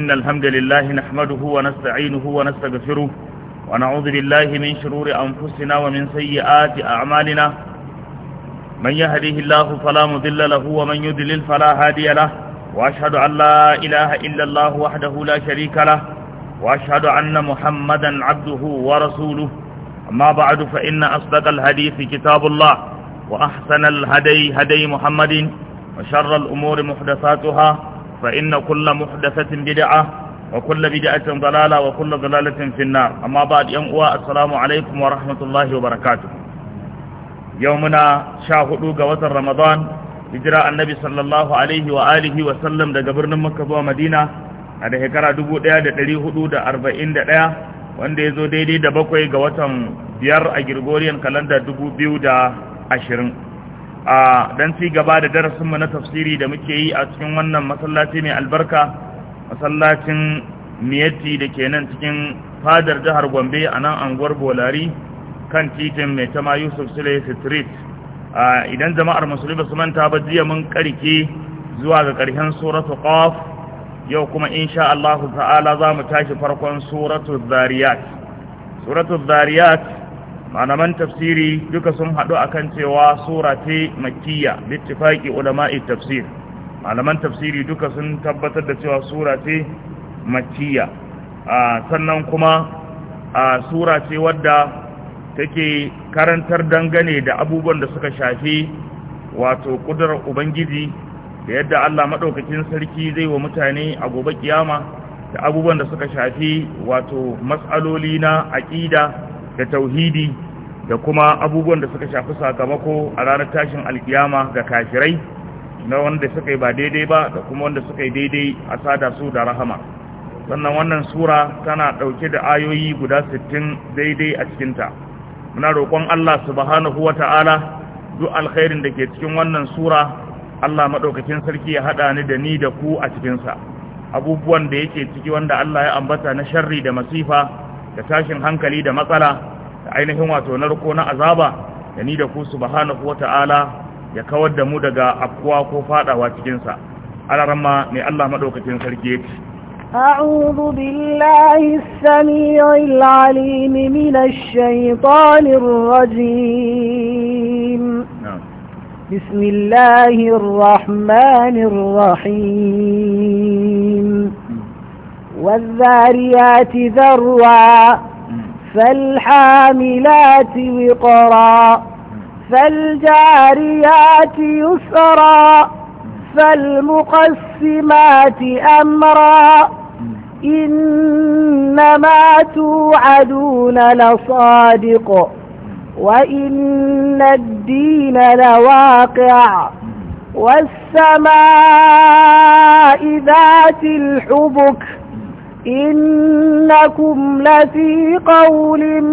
إن الحمد لله نحمده ونستعينه ونستغفره ونعوذ بالله من شرور أنفسنا ومن سيئات أعمالنا من يهديه الله فلا مضل له ومن يضلل فلا هادي له وأشهد أن لا إله إلا الله وحده لا شريك له وأشهد أن محمدا عبده ورسوله أما بعد فإن أصدق الحديث كتاب الله وأحسن الهدي هدي محمد وشر الأمور محدثاتها فإن كل محدثة بدعة وكل بدعة ضلالة وكل ضلالة في النار أما بعد ينقوى السلام عليكم ورحمة الله وبركاته يومنا شاهدوا قوة رمضان هجراء النبي صلى الله عليه وآله وسلم دا قبرنا مكة ومدينة هذا هكرا دبو ديا دا تليهدو دا أربعين دا ديا wanda ya zo daidai da bakwai ga watan biyar a girgoriyar kalanda dubu biyu da ashirin a dan ci gaba da darasinmu na tafsiri da muke yi a cikin wannan masallaci mai albarka masallacin miyatti da ke nan cikin fadar jihar gombe a nan anguwar bolari kan titin mai tama yusuf sule street idan jama'ar musulmi su manta ba jiya mun karke zuwa ga karshen suratu qaf yau kuma insha Allah ta'ala za mu tashi farkon suratu zariyat suratu zariyat malaman tafsiri duka sun haɗu akan cewa sura ta makkiya bittifaqi ulama'i tafsir malaman tafsiri duka sun tabbatar da cewa sura ta makkiya sannan kuma sura ce wadda take karantar dangane da abubuwan da suka shafi wato ƙudurar ubangiji da yadda Allah madaukakin sarki zai wa mutane a gobe kiyama da abubuwan da suka shafi wato mas'aloli na aqida da tauhidi da kuma abubuwan da suka shafi sakamako a ranar tashin alkiyama ga kafirai na wanda suka yi ba daidai ba da kuma wanda suka yi daidai a sada su da rahama sannan wannan sura tana ɗauke da ayoyi guda sittin daidai a cikinta muna roƙon Allah subhanahu wa ta'ala duk alkhairin da ke cikin wannan sura Allah maɗaukakin sarki ya haɗa ni da ni da ku a cikinsa abubuwan da yake ciki wanda Allah ya ambata na sharri da masifa da tashin hankali da matsala da ainihin wato narko na azaba da ni da ku subhanahu ta'ala ya kawar da mu daga afkuwa ko fadawa cikin sa alarma ne Allah madaukakin sarki yake أعوذ بالله السميع العليم من الشيطان الرجيم بسم الله الرحمن الرحيم والذاريات فالحاملات وقرا فالجاريات يسرا فالمقسمات أمرا إنما توعدون لصادق وإن الدين لواقع والسماء ذات الحبك إنكم لفي قول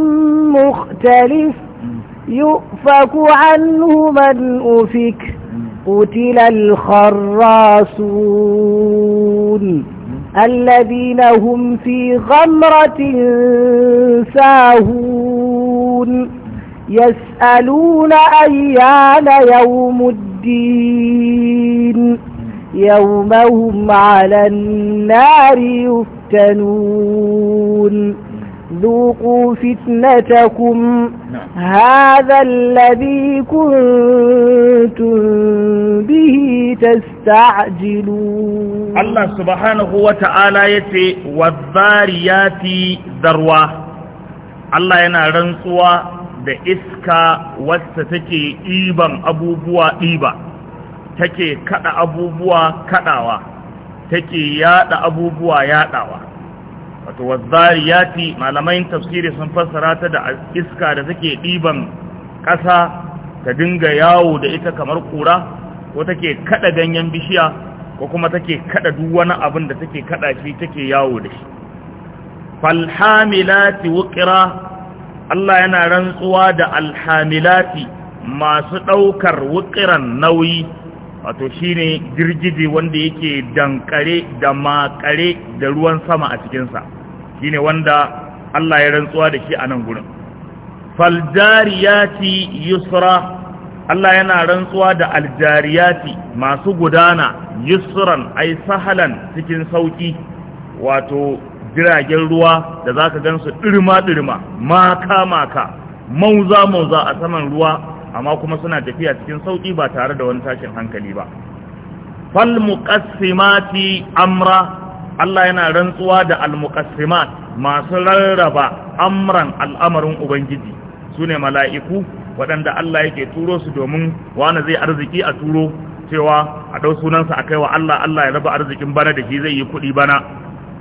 مختلف يؤفك عنه من أفك قتل الخراسون الذين هم في غمرة ساهون يسألون أيان يوم الدين يوم هم على النار يفتنون ذوقوا فتنتكم هذا الذي كنتم به تستعجلون الله سبحانه وتعالى يتي والذاريات ذروة الله ينا رنسوا da iska wacce take ɗiban abubuwa ɗiba take kada abubuwa kadawa take yada abubuwa yadawa wato wazzariyati malamai tafsiri sun fassara ta da iska da take diban kasa ta dinga yawo da ita kamar kura ko take kada ganyen bishiya ko kuma take kada duk wani abin da take kada shi take yawo da shi falhamilati wuqra Allah yana rantsuwa da alhamilati masu daukar wuƙiran nauyi wato shine girgije wanda yake dankare da makare da ruwan sama a cikinsa shine wanda Allah ya rantsuwa da shi a nan gurin faljariyati yusra Allah yana rantsuwa da aljariyati masu gudana yusran ai sahalan cikin sauki wato jiragen ruwa da zaka gansu dirma dirma maka maka mauza mauza a saman ruwa amma kuma suna tafiya cikin sauki ba tare da wani tashin hankali ba fal muqassimati amra Allah yana rantsuwa da al masu rarraba amran al'amarin ubangiji sune mala'iku waɗanda Allah yake turo su domin wani zai arziki a turo cewa a ɗau sunansa a kai wa Allah Allah ya raba arzikin bana da shi zai yi kuɗi bana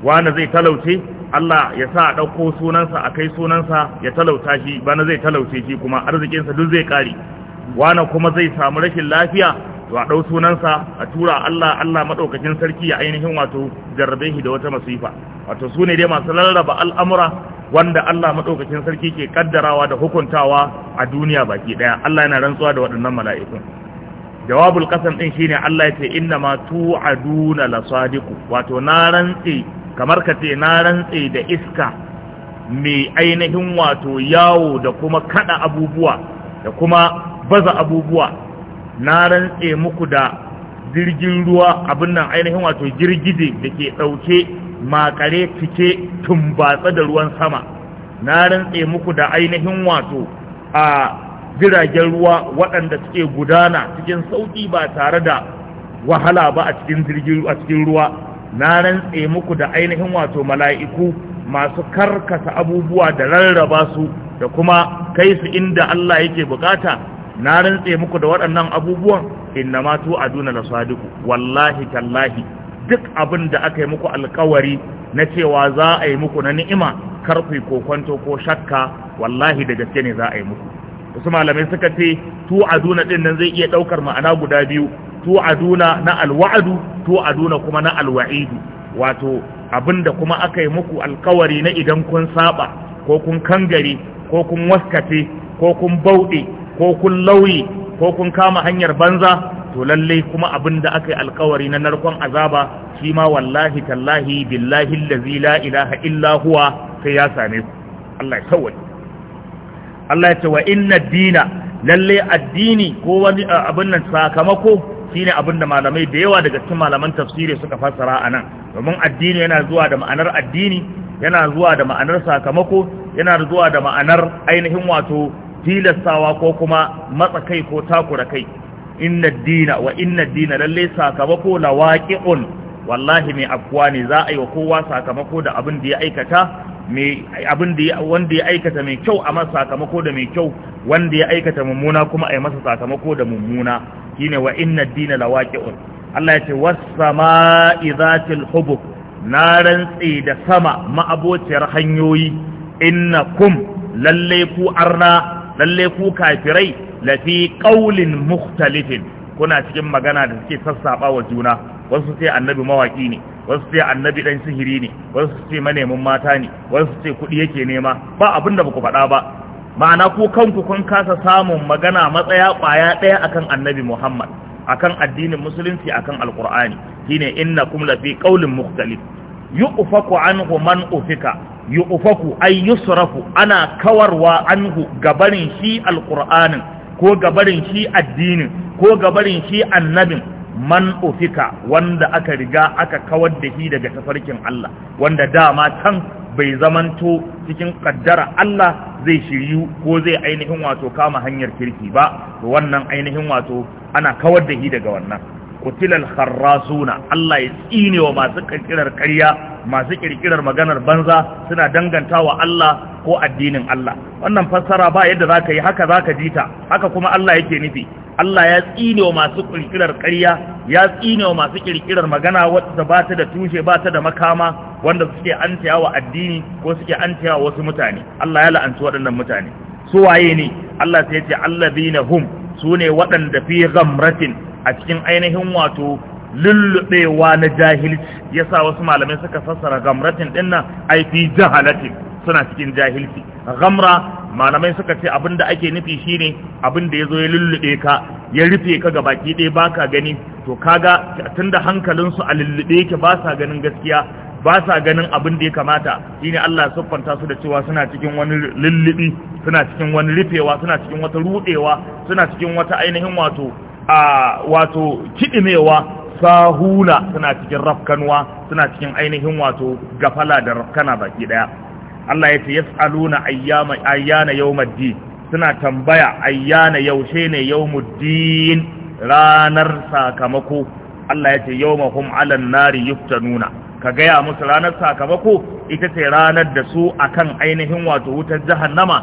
wani zai talauce Allah ya sa a ɗauko sunansa a kai sunansa ya talauta shi bana zai talauce shi kuma arzikinsa duk zai ƙare wana kuma zai samu rashin lafiya to a ɗau sunansa a tura Allah Allah maɗaukacin sarki ya ainihin wato jarrabe shi da wata masifa wato su ne dai masu lallaba al'amura wanda Allah maɗaukacin sarki ke ƙaddarawa da hukuntawa a duniya baki ɗaya Allah yana rantsuwa da waɗannan mala'ikun jawabul kasan ɗin shine Allah ya ce inna ma tu'aduna lasadiqu wato na rantse. kamar ka ce na rantse da iska mai ainihin wato yawo da kuma kada abubuwa da kuma baza abubuwa na rantse muku da jirgin ruwa abin nan ainihin wato girgije da ke ɗauke makare cike tumbatsa da ruwan sama na rantse muku da ainihin wato a jiragen ruwa waɗanda suke gudana cikin sauƙi ba tare da wahala ba a cikin ruwa na rantse muku da ainihin wato mala'iku masu karkasa abubuwa da rarraba su da kuma kai su inda Allah yake bukata na rantse muku da waɗannan abubuwan inna ma tu aduna la sadiku wallahi tallahi duk abin da aka yi muku alkawari na cewa za a yi muku na ni'ima karfi ko kwanto ko shakka wallahi da gaske ne za a yi muku wasu malamai suka ce tu'aduna din nan zai iya daukar ma'ana guda biyu tu'aduna na alwa'adu tu'aduna kuma na alwa'idu wato abinda kuma aka yi muku alkawari na idan kun saba ko kun kangare ko kun waskate ko kun bauɗe ko kun lauye ko kun kama hanyar banza to lallai kuma abinda aka yi alkawari na narkon azaba shi ma wallahi tallahi billahi allazi la ilaha illa huwa sai ya same su. Allah ya Allah ya ce wa inna dina lalle addini ko wani abin nan sakamako shine abin da malamai da yawa daga cikin malaman tafsiri suka fassara a nan. domin addini yana zuwa da ma'anar addini yana zuwa da ma'anar sakamako yana zuwa da ma'anar ainihin wato tilastawa ko kuma matsa kai ko takura kai inna dina wa inna dina lalle sakamako lawaqi'un wallahi mai afkuwa ne za a yi wa kowa sakamako da abin da ya aikata wanda ya aikata mai kyau a masa sakamako da mai kyau wanda ya aikata mummuna kuma a yi masa sakamako da mummuna shine wa inna dina lawaqi'un Allah ya ce was-sama'i zatil na rantsi da sama ma'abociyar hanyoyi innakum lalle ku arna lallai ku kafirai lafi ƙaulin muktalifin. kuna cikin magana da suke sassaɓa wa juna wasu ce annabi mawaki ne wasu ce annabi dan sihiri ne wasu ce manemin mata ne wasu ce kuɗi yake nema ba abin da ku faɗa ba ma'ana ko kanku kun kasa samun magana matsaya ƙwaya ɗaya akan annabi muhammad akan addinin musulunci akan Alkur'ani, shine innakum lafi qaulin mukhtalif yu'faku anhu man ufika yu'faku ay yusrafu ana kawarwa anhu gabanin shi Alkur'anin. ko gabarin shi addinin ko gabarin shi annabin man ofika wanda aka riga aka kawar da shi daga tafarkin Allah wanda dama can bai zamanto cikin kaddara Allah zai shiryu ko zai ainihin wato kama hanyar kirki ba wannan ainihin wato ana kawar da shi daga wannan kutilal harrasuna Allah ya tsine wa masu kirkirar ƙarya masu kirkirar maganar banza suna danganta wa Allah ko addinin Allah wannan fassara ba yadda zaka yi haka zaka ta. haka kuma Allah yake nufi Allah ya tsine wa masu kirkirar ƙarya ya tsine wa masu kirkirar magana wadda ba ta da tushe ba ta da makama wanda suke antaya wa addini ko suke antaya wa wasu mutane Allah ya la'anci waɗannan mutane su waye ne Allah sai ya ce allazina hum sune waɗanda fi ghamratin a cikin ainihin wato lullubewa na jahilci sa wasu malamai suka fassara gamratin dinnan ai fi jahalatin suna cikin jahilci gamra malamai suka ce abinda ake nufi shine abinda yazo ya lullube ka ya rufe ka ga baki ɗaya baka gani to kaga tunda hankalinsu a lullube yake ba sa ganin gaskiya ba sa ganin abin da ya kamata shine Allah siffanta su da cewa suna cikin wani lullubi suna cikin wani rufewa suna cikin wata rudewa suna cikin wata ainihin wato a wato kiɗimewa sahula suna cikin rafkanwa suna cikin ainihin wato gafala da rafkana baki daya Allah ya ce yas'aluna ayyama ayyana yawmuddin suna tambaya ayyana yaushe ne yawmuddin ranar sakamako Allah ya ce yawmahum 'alan nari nuna. ka gaya musu ranar sakamako ita ce ranar da su akan ainihin wato wutar jahannama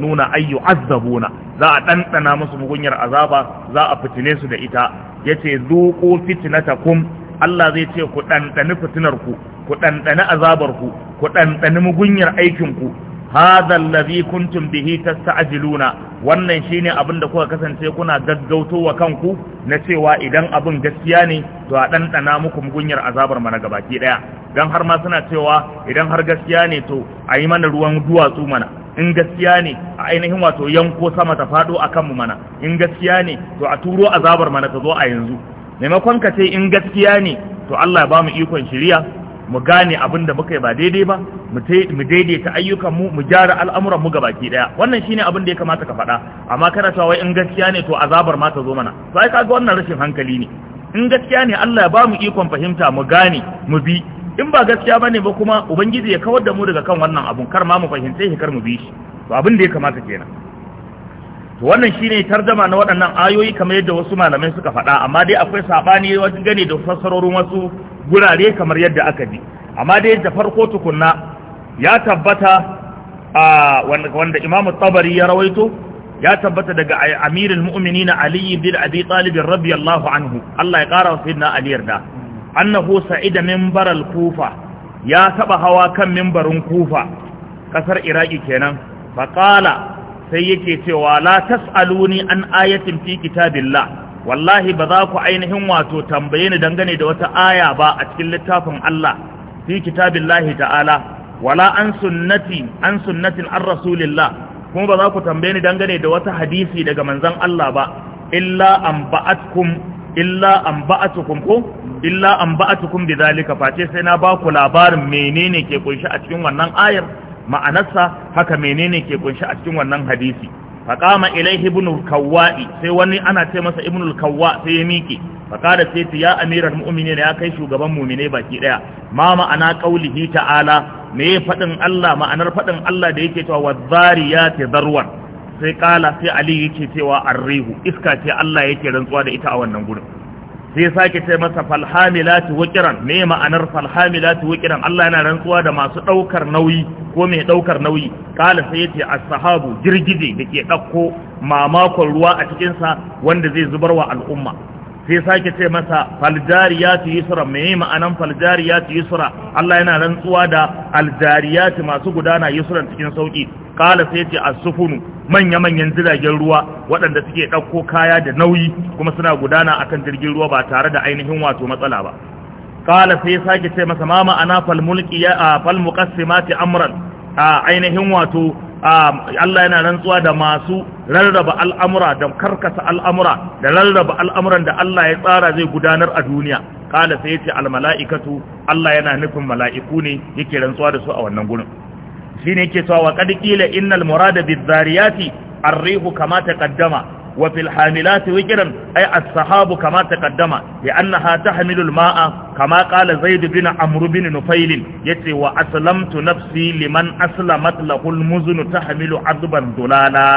nuna ayyu azabuna za a ɗanɗana musu mugunyar azaba za a fitine su da ita yace zuqu fitnatakum Allah zai ce ku ɗanɗani fitinar ku ku ɗanɗani azabar ku ku ɗanɗani mugunyar aikin ku hadha allazi kuntum bihi tasta'jiluna wannan shine abin da kuka kasance kuna gaggautowa kanku na cewa idan abin gaskiya ne to a ɗanɗana muku mugunyar azabar mana gabaki daya dan har ma suna cewa idan har gaskiya ne to a yi mana ruwan duwatsu mana in gaskiya ne a ainihin wato yanko sama ta faɗo akan mu mana in gaskiya ne to a turo azabar mana ta zo a yanzu maimakon ka ce in gaskiya ne to Allah ya ba ikon shiriya mu gane abin da muka yi ba daidai ba mu daidaita ayyukan mu mu gyara al'amuran mu gabaki daya wannan shine abin da ya kamata ka faɗa amma kana cewa wai in gaskiya ne to azabar ma ta zo mana to ai kaga wannan rashin hankali ne in gaskiya ne Allah ya ba mu ikon fahimta mu gane mu bi in ba gaskiya bane ba kuma ubangiji ya kawar da mu daga kan wannan abun kar ma mu fahimce shi kar mu bi shi to abin da ya kamata kenan wannan shine tarjama na waɗannan ayoyi kamar yadda wasu malamai suka faɗa amma dai akwai sabani wajen gane da fassarorin wasu gurare kamar yadda aka ji amma dai da farko tukunna ya tabbata a wanda Imam Tabari ya rawaito ya tabbata daga Amirul Mu'minin Ali bin Abi Talib radiyallahu anhu Allah ya kara wa sayyidina Ali yarda annahu sa'ida minbaral Kufa ya taba hawa kan minbarin Kufa kasar Iraki kenan faqala sai yake cewa la tas'aluni an ayatin fi kitabillah wallahi ba za ku ainihin wato tambaye ni dangane da wata aya ba a cikin littafin Allah fi kitabillahi ta'ala wala an sunnati an sunnatin ar rasulillah kuma ba za ku tambaye ni dangane da wata hadisi daga manzon Allah ba illa an ba'atkum illa an ba'atukum ko illa an ba'atukum face sai na ba ku labarin menene ke kunshi a cikin wannan ayar ma'anarsa haka menene ke kunshi a cikin wannan hadisi faqama ilaihi ibn al-kawwa'i sai wani ana ce masa ibn al-kawwa sai ya miƙe faqala sai ya amiral mu'minin ya kai shugaban mu'mine baki daya ma ma'ana qaulihi ta'ala me fadin Allah ma'anar fadin Allah da yake cewa wadhariyati darwan sai kala sai ali yake cewa arrihu iska ce Allah yake rantsuwa da ita a wannan gurin sai sake ce masa falhamilati wakiran me ma'anar falhamilati wakiran Allah yana rantsuwa da masu daukar nauyi ko mai daukar nauyi kala sai yace as-sahabu girgije dake dauko mamakon ruwa a cikin sa wanda zai zubar wa al'umma sai sake ce masa faljariyati yusra me ma'anan faljariyati yusra Allah yana rantsuwa da aljariyati masu gudana yusran cikin sauki kala sai ce as-sufunu manya-manyan jiragen ruwa waɗanda suke ɗauko kaya da nauyi kuma suna gudana akan jirgin ruwa ba tare da ainihin wato matsala ba kala sai sake ce masa ma ma'ana fal mulki ya fal muqassimati amran a ainihin wato Allah yana rantsuwa da masu rarraba al'amura da karkasa al'amura da rarraba al'amuran da Allah ya tsara zai gudanar a duniya kala sai ce al mala'ikatu Allah yana nufin mala'iku ne yake rantsuwa da su a wannan gurin shine yake cewa wa qad innal murada bizariyati arrihu kama taqaddama wa fil hamilati wikran ay as-sahabu kama taqaddama annaha tahmilu al-ma'a kama qala zaid bin amr bin nufail yace wa aslamtu nafsi liman aslamat lahu al-muzn tahmilu adban dulala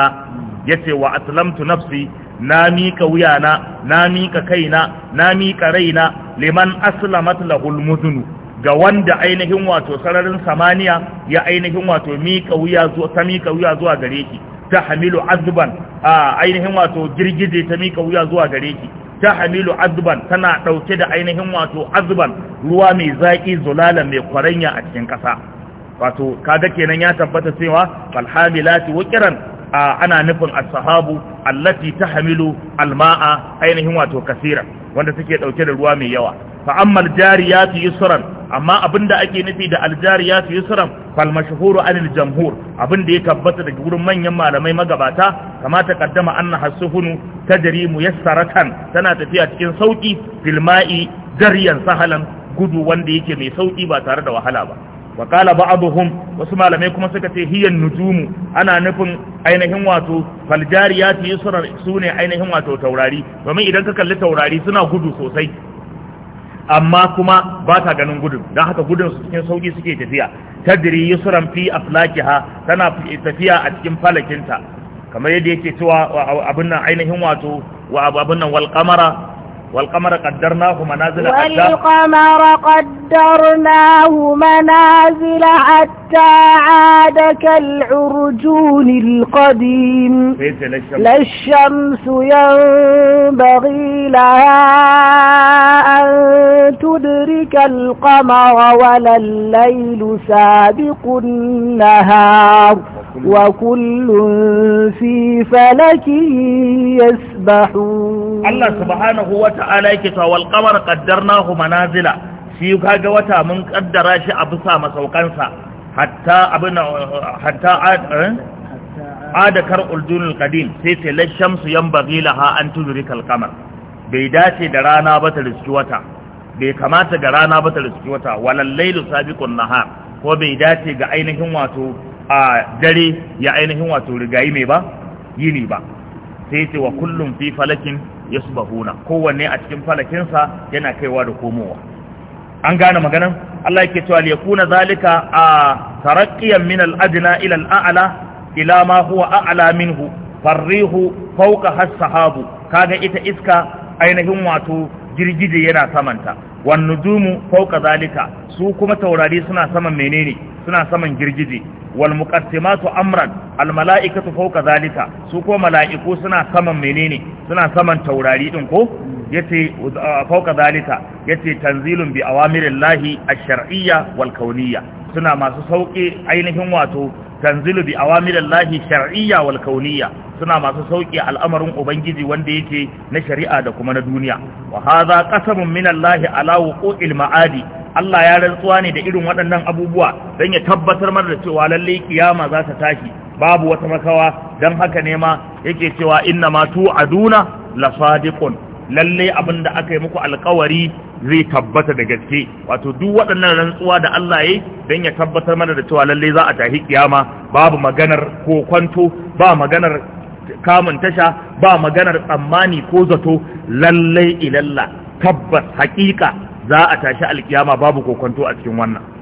yace wa aslamtu nafsi na mika wuyana na mika kaina na mika raina liman aslamat lahu al-muzn ga wanda ainihin wato sararin samaniya ya ainihin wato miƙa wuya zuwa ta miƙa wuya zuwa gare ta hamilu azban a ainihin wato girgije ta miƙa wuya zuwa gare ki ta hamilu azban tana ɗauke da ainihin wato azban ruwa mai zaƙi zulala mai kwaranya a cikin ƙasa wato kaga kenan ya tabbata cewa falhamilati wakiran ana nufin as-sahabu allati tahmilu alma'a ainihin wato kasira wanda take ɗauke da ruwa mai yawa fa ammal jariyatu yusran amma abin da ake nufi da aljariya fi yusran fal mashhuru anil jamhur abinda ya tabbata daga gurin manyan malamai magabata kamata ta kaddama anna hasufunu tajri muyassaratan tana tafiya cikin sauki fil ma'i sahalan gudu wanda yake mai sauki ba tare da wahala ba wa qala ba'dhum wasu malamai kuma suka ce hiyan nujumu ana nufin ainihin wato fal jariyati yusran sune ainihin wato taurari domin idan ka kalli taurari suna gudu sosai amma kuma ba ta ganin gudun don haka gudun su cikin sauki suke tafiya tadri yusran fi aflakiha tana tafiya a cikin falakinta kamar yadda yake cewa abin nan ainihin wato wa abin nan wal والقمر قدرناه منازل حتى والقمر قدرناه منازل حتى عاد كالعرجون القديم للشمس ينبغي لها أن تدرك القمر ولا الليل سابق النهار وكل في subhanahu wata الله سبحانه وتعالى يكتا والقمر قدرناه Manazila, shi kaga wata mun kaddara shi a bisa masaukansa hatta hatta adakar uldunul qadim sai sai la shamsu yanbaghi laha an tudrika al-qamar bai dace da rana ba ta riski wata bai kamata ga rana ba ta riski wata walal laylu sabiqun nahar ko bai dace ga ainihin wato a dare ya ainihin wato rigayi mai ba yini ba sai ce wa kullum fi falakin ya bahuna kowanne a cikin falakinsa yana kaiwa da komowa an gane maganan Allah yake cewa ya Kuna zalika a tarakkiyan min al'adina ila al ila ma huwa minhu farrihu fauka has-sahabu kaga ita iska ainihin wato girgije yana samanta wan nujumu fauka zalika su kuma taurari suna saman menene suna saman girgije wal muqaddimatu amran al mala'ikatu fawqa zalika su ko mala'iku suna saman menene suna saman taurari din ko yace uh, fawqa zalika yace tanzilun bi awamirillahi ash-shar'iyya wal kauniyya suna masu sauki ainihin wato tanzilu bi awamirillahi shar'iyya wal kauniyya suna masu sauki al'amarin ubangiji wanda yake na shari'a da kuma na duniya wa hadha qasamun minallahi ala wuqu'il ma'adi Allah ya rantsuwa ne da irin waɗannan abubuwa don ya tabbatar mana da cewa lalle kiyama za ta tashi babu wata makawa don haka ne ma yake cewa inna ma tu'aduna la sadiqun lalle abin da aka yi muku alkawari zai tabbata da gaske wato duk waɗannan rantsuwa da Allah ya yi don ya tabbatar mana da cewa lalle za a tahi kiyama babu maganar ko kwanto ba maganar kamun tasha ba maganar tsammani ko zato lalle ilalla tabbas haƙiƙa za a tashi alkiyama babu kokonto a cikin wannan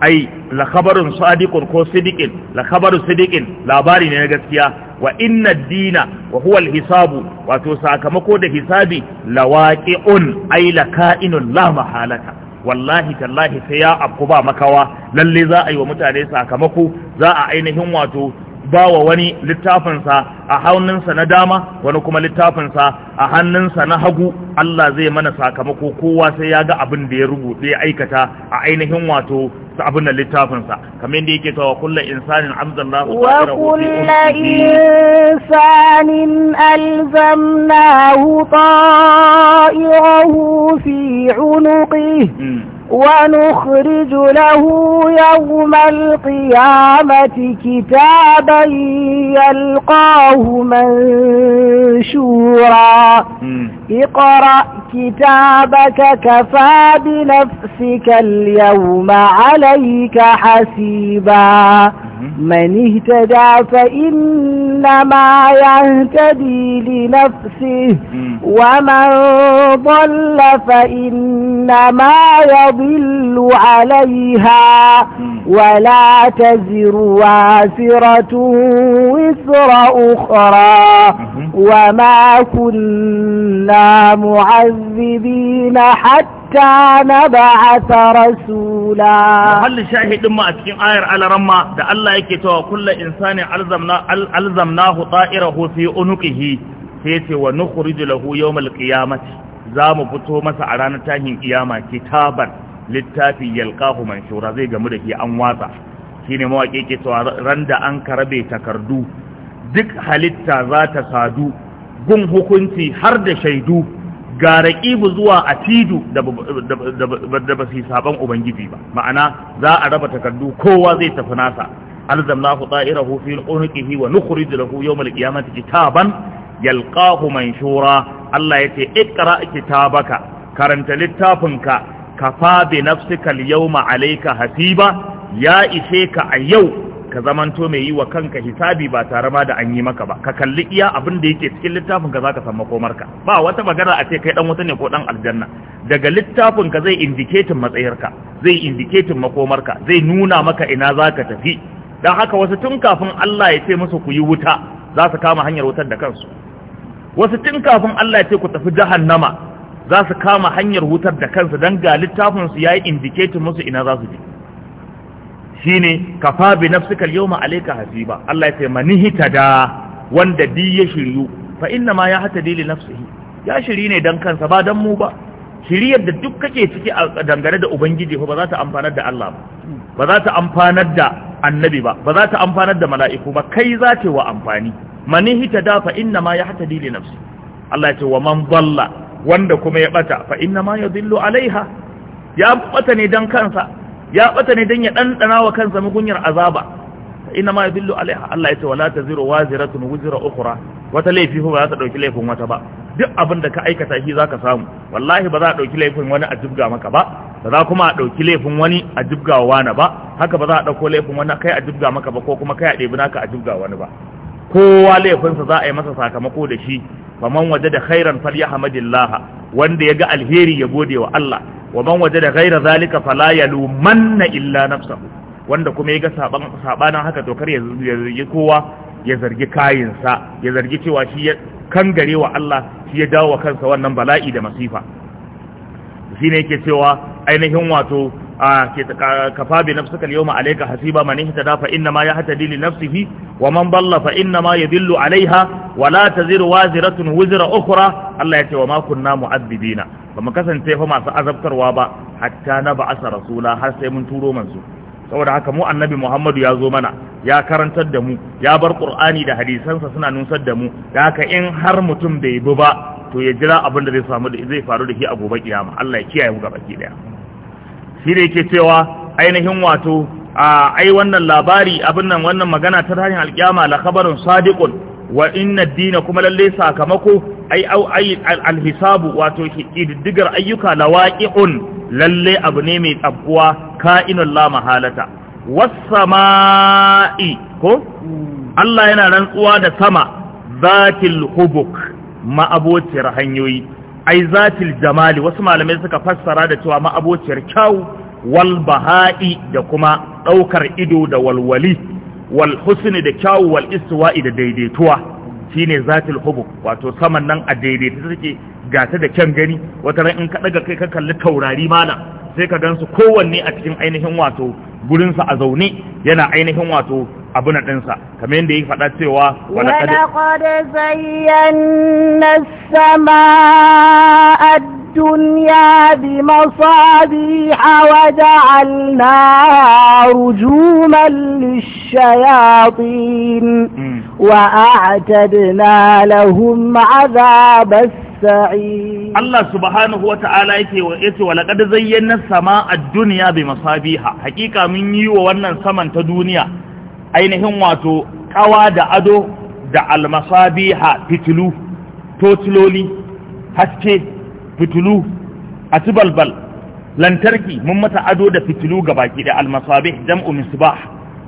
ai lakabarin khabarun sadiqun ko Sidikin la Sidikin labari ne na gaskiya wa inna dina wa huwa wato sakamako da hisabi lawaqi'un ai la ka'inun la mahalata wallahi tallahi sai ya afku ba makawa lalle za a yi wa mutane sakamako za a ainihin wato ba wa wani littafinsa a hannunsa na dama wani kuma littafinsa a hannunsa na hagu Allah zai mana sakamako kowa sai ya ga abin da ya rubuta ya aikata a ainihin wato abin da littafinsa kamar yadda yake cewa kullu insanin amzallahu wa kullu insanin alzamnahu ta'irahu fi 'unuqihi hmm. ونخرج له يوم القيامة كتابا يلقاه منشورا اقرأ كتابك كفى بنفسك اليوم عليك حسيبا من اهتدى فإنما يهتدي لنفسه ومن ضل فإنما يضل عليها ولا تزر وازرة وزر أخرى وما كنا معذبين حتى hatta na ba'asa rasula halin shahidin mu a cikin ayar alaramma da Allah yake cewa kullu insanin alzamna alzamnahu ta'irahu fi unuqihi sai ce wa da lahu yawmal za mu fito masa a ranar tahin kiyama kitaban littafi yalqahu shura zai gamu da ke an watsa ne mawaki ke cewa randa an karabe takardu duk halitta za ta sadu gun hukunci har da shaidu ga raƙibu zuwa atidu da ba su yi saban ubangiji ba ma'ana za a raba takardu kowa zai tafi nasa alzamnahu ta'irahu fi unqihi wa da lahu yawm al-qiyamati kitaban yalqahu shura. Allah ce ikra kitabaka karanta littafinka Ka bi nafsika yau, yawma alayka hasiba ya ishe ka a yau ka zamanto mai yi wa kanka hisabi ba tare ma da an yi maka ba ka kalli iya abin da yake cikin littafin ka zaka san makomarka ba wata magana a ce kai dan wata ne ko dan aljanna daga littafin ka zai indiketin matsayarka zai indiketin makomarka zai nuna maka ina zaka tafi dan haka wasu tun kafin Allah ya ce musu ku yi wuta za su kama hanyar wutar da kansu wasu tun kafin Allah ya ce ku tafi jahannama za su kama hanyar wutar da kansu dan ga littafin su yayi indiketin musu ina za su je shine kafa bi nafsika al-yawma alayka hasiba Allah ya ce manihita da wanda di ya shiryu fa inna ma ya hatadi li nafsihi ya shiri ne dan kansa ba dan mu ba shiriyar da duk kake ciki a dangane da ubangiji ba za ta amfanar da Allah ba Ba za ta amfanar da annabi ba ba za ta amfanar da mala'iku ba kai za ce wa amfani manihita da fa inna ma ya hatadi li nafsi Allah ya ce wa man dalla wanda kuma ya bata fa inna ma yadhillu alaiha ya bata ne dan kansa ya bata ne dan ya ɗanɗana wa kansa mugunyar azaba inna ma yadullu alaiha Allah yace wala taziru waziratun wuzra ukhra wata laifi ba za ta dauki laifin wata ba duk abin da ka aikata shi zaka samu wallahi ba za a dauki laifin wani a jibga maka ba ba za kuma a dauki laifin wani a jibga wa wani ba haka ba za a dauko laifin wani kai a jibga maka ba ko kuma kai a ɗebi naka a jibga wani ba kowa laifinsa za a yi masa sakamako da shi faman waje da khairan falyahmadillaha wanda ya ga alheri ya gode wa Allah wa man waje da ghaira zalika fala yalumanna illa nafsahu wanda kuma ya ga sabanan haka to kar ya zargi kowa ya zargi kayinsa ya zargi cewa shi ya kangare wa Allah shi ya dawo kansa wannan bala'i da masifa shine yake cewa ainihin wato kafa bi nafsika al-yawma alayka hasiba man ihtada fa inna ma yahtadi li nafsihi wa man dalla fa inna ma yadillu alaiha wa la taziru waziratun wizra ukhra Allah ya ce wa makonna mu kunna na ba mu kasance fa masu azabtarwa ba hatta na ba'asa rasula har sai mun turo manzo saboda haka mu annabi Muhammadu ya zo mana ya karantar da mu ya bar Qur'ani da hadisansa suna nusar da mu da haka in har mutum bai bi ba to ya jira abin da zai faru da shi a gobe kiyama Allah ya kiyaye mu gaba daya shi da yake cewa ainihin wato a ai wannan labari abin nan wannan magana ta tarihin alkiyama la khabarun sadiqun wa inna dina kuma lalle sakamako ai au ai wato kididdigar ayyuka lawaqi'un lalle abu ne mai tsabuwa ka'inul la mahalata was sama'i ko Allah yana rantsuwa da sama zatil hubuk ma'abociyar hanyoyi ai zatil jamali wasu malamai suka fassara da cewa ma'abociyar kyau wal baha'i da kuma ɗaukar ido da walwali wal husni da kyau wal istiwa'i da daidaituwa shine zatil hubu wato saman nan a daidaita take gata da kyan gani wata ran in ka daga kai ka kalli taurari mana sai ka gansu kowanne a cikin ainihin wato gurinsa a zaune yana ainihin wato abu na ɗinsa kamar yadda ya faɗa cewa wani ƙadar zayyana sama a duniya bi masabi hawa ja'alna rujuman lishayatin wa hmm. a'tadna lahum azabas sa'in Allah subhanahu wa ta'ala yake yace wa laqad zayyana sama a duniya bi masabiha hakika mun yi wa wannan saman ta duniya ainihin wato kawa da ado da almasabiha fitilu totiloli haske fitilu a balbal lantarki mun mata ado da fitilu ga baki da almasabih jam'u misbah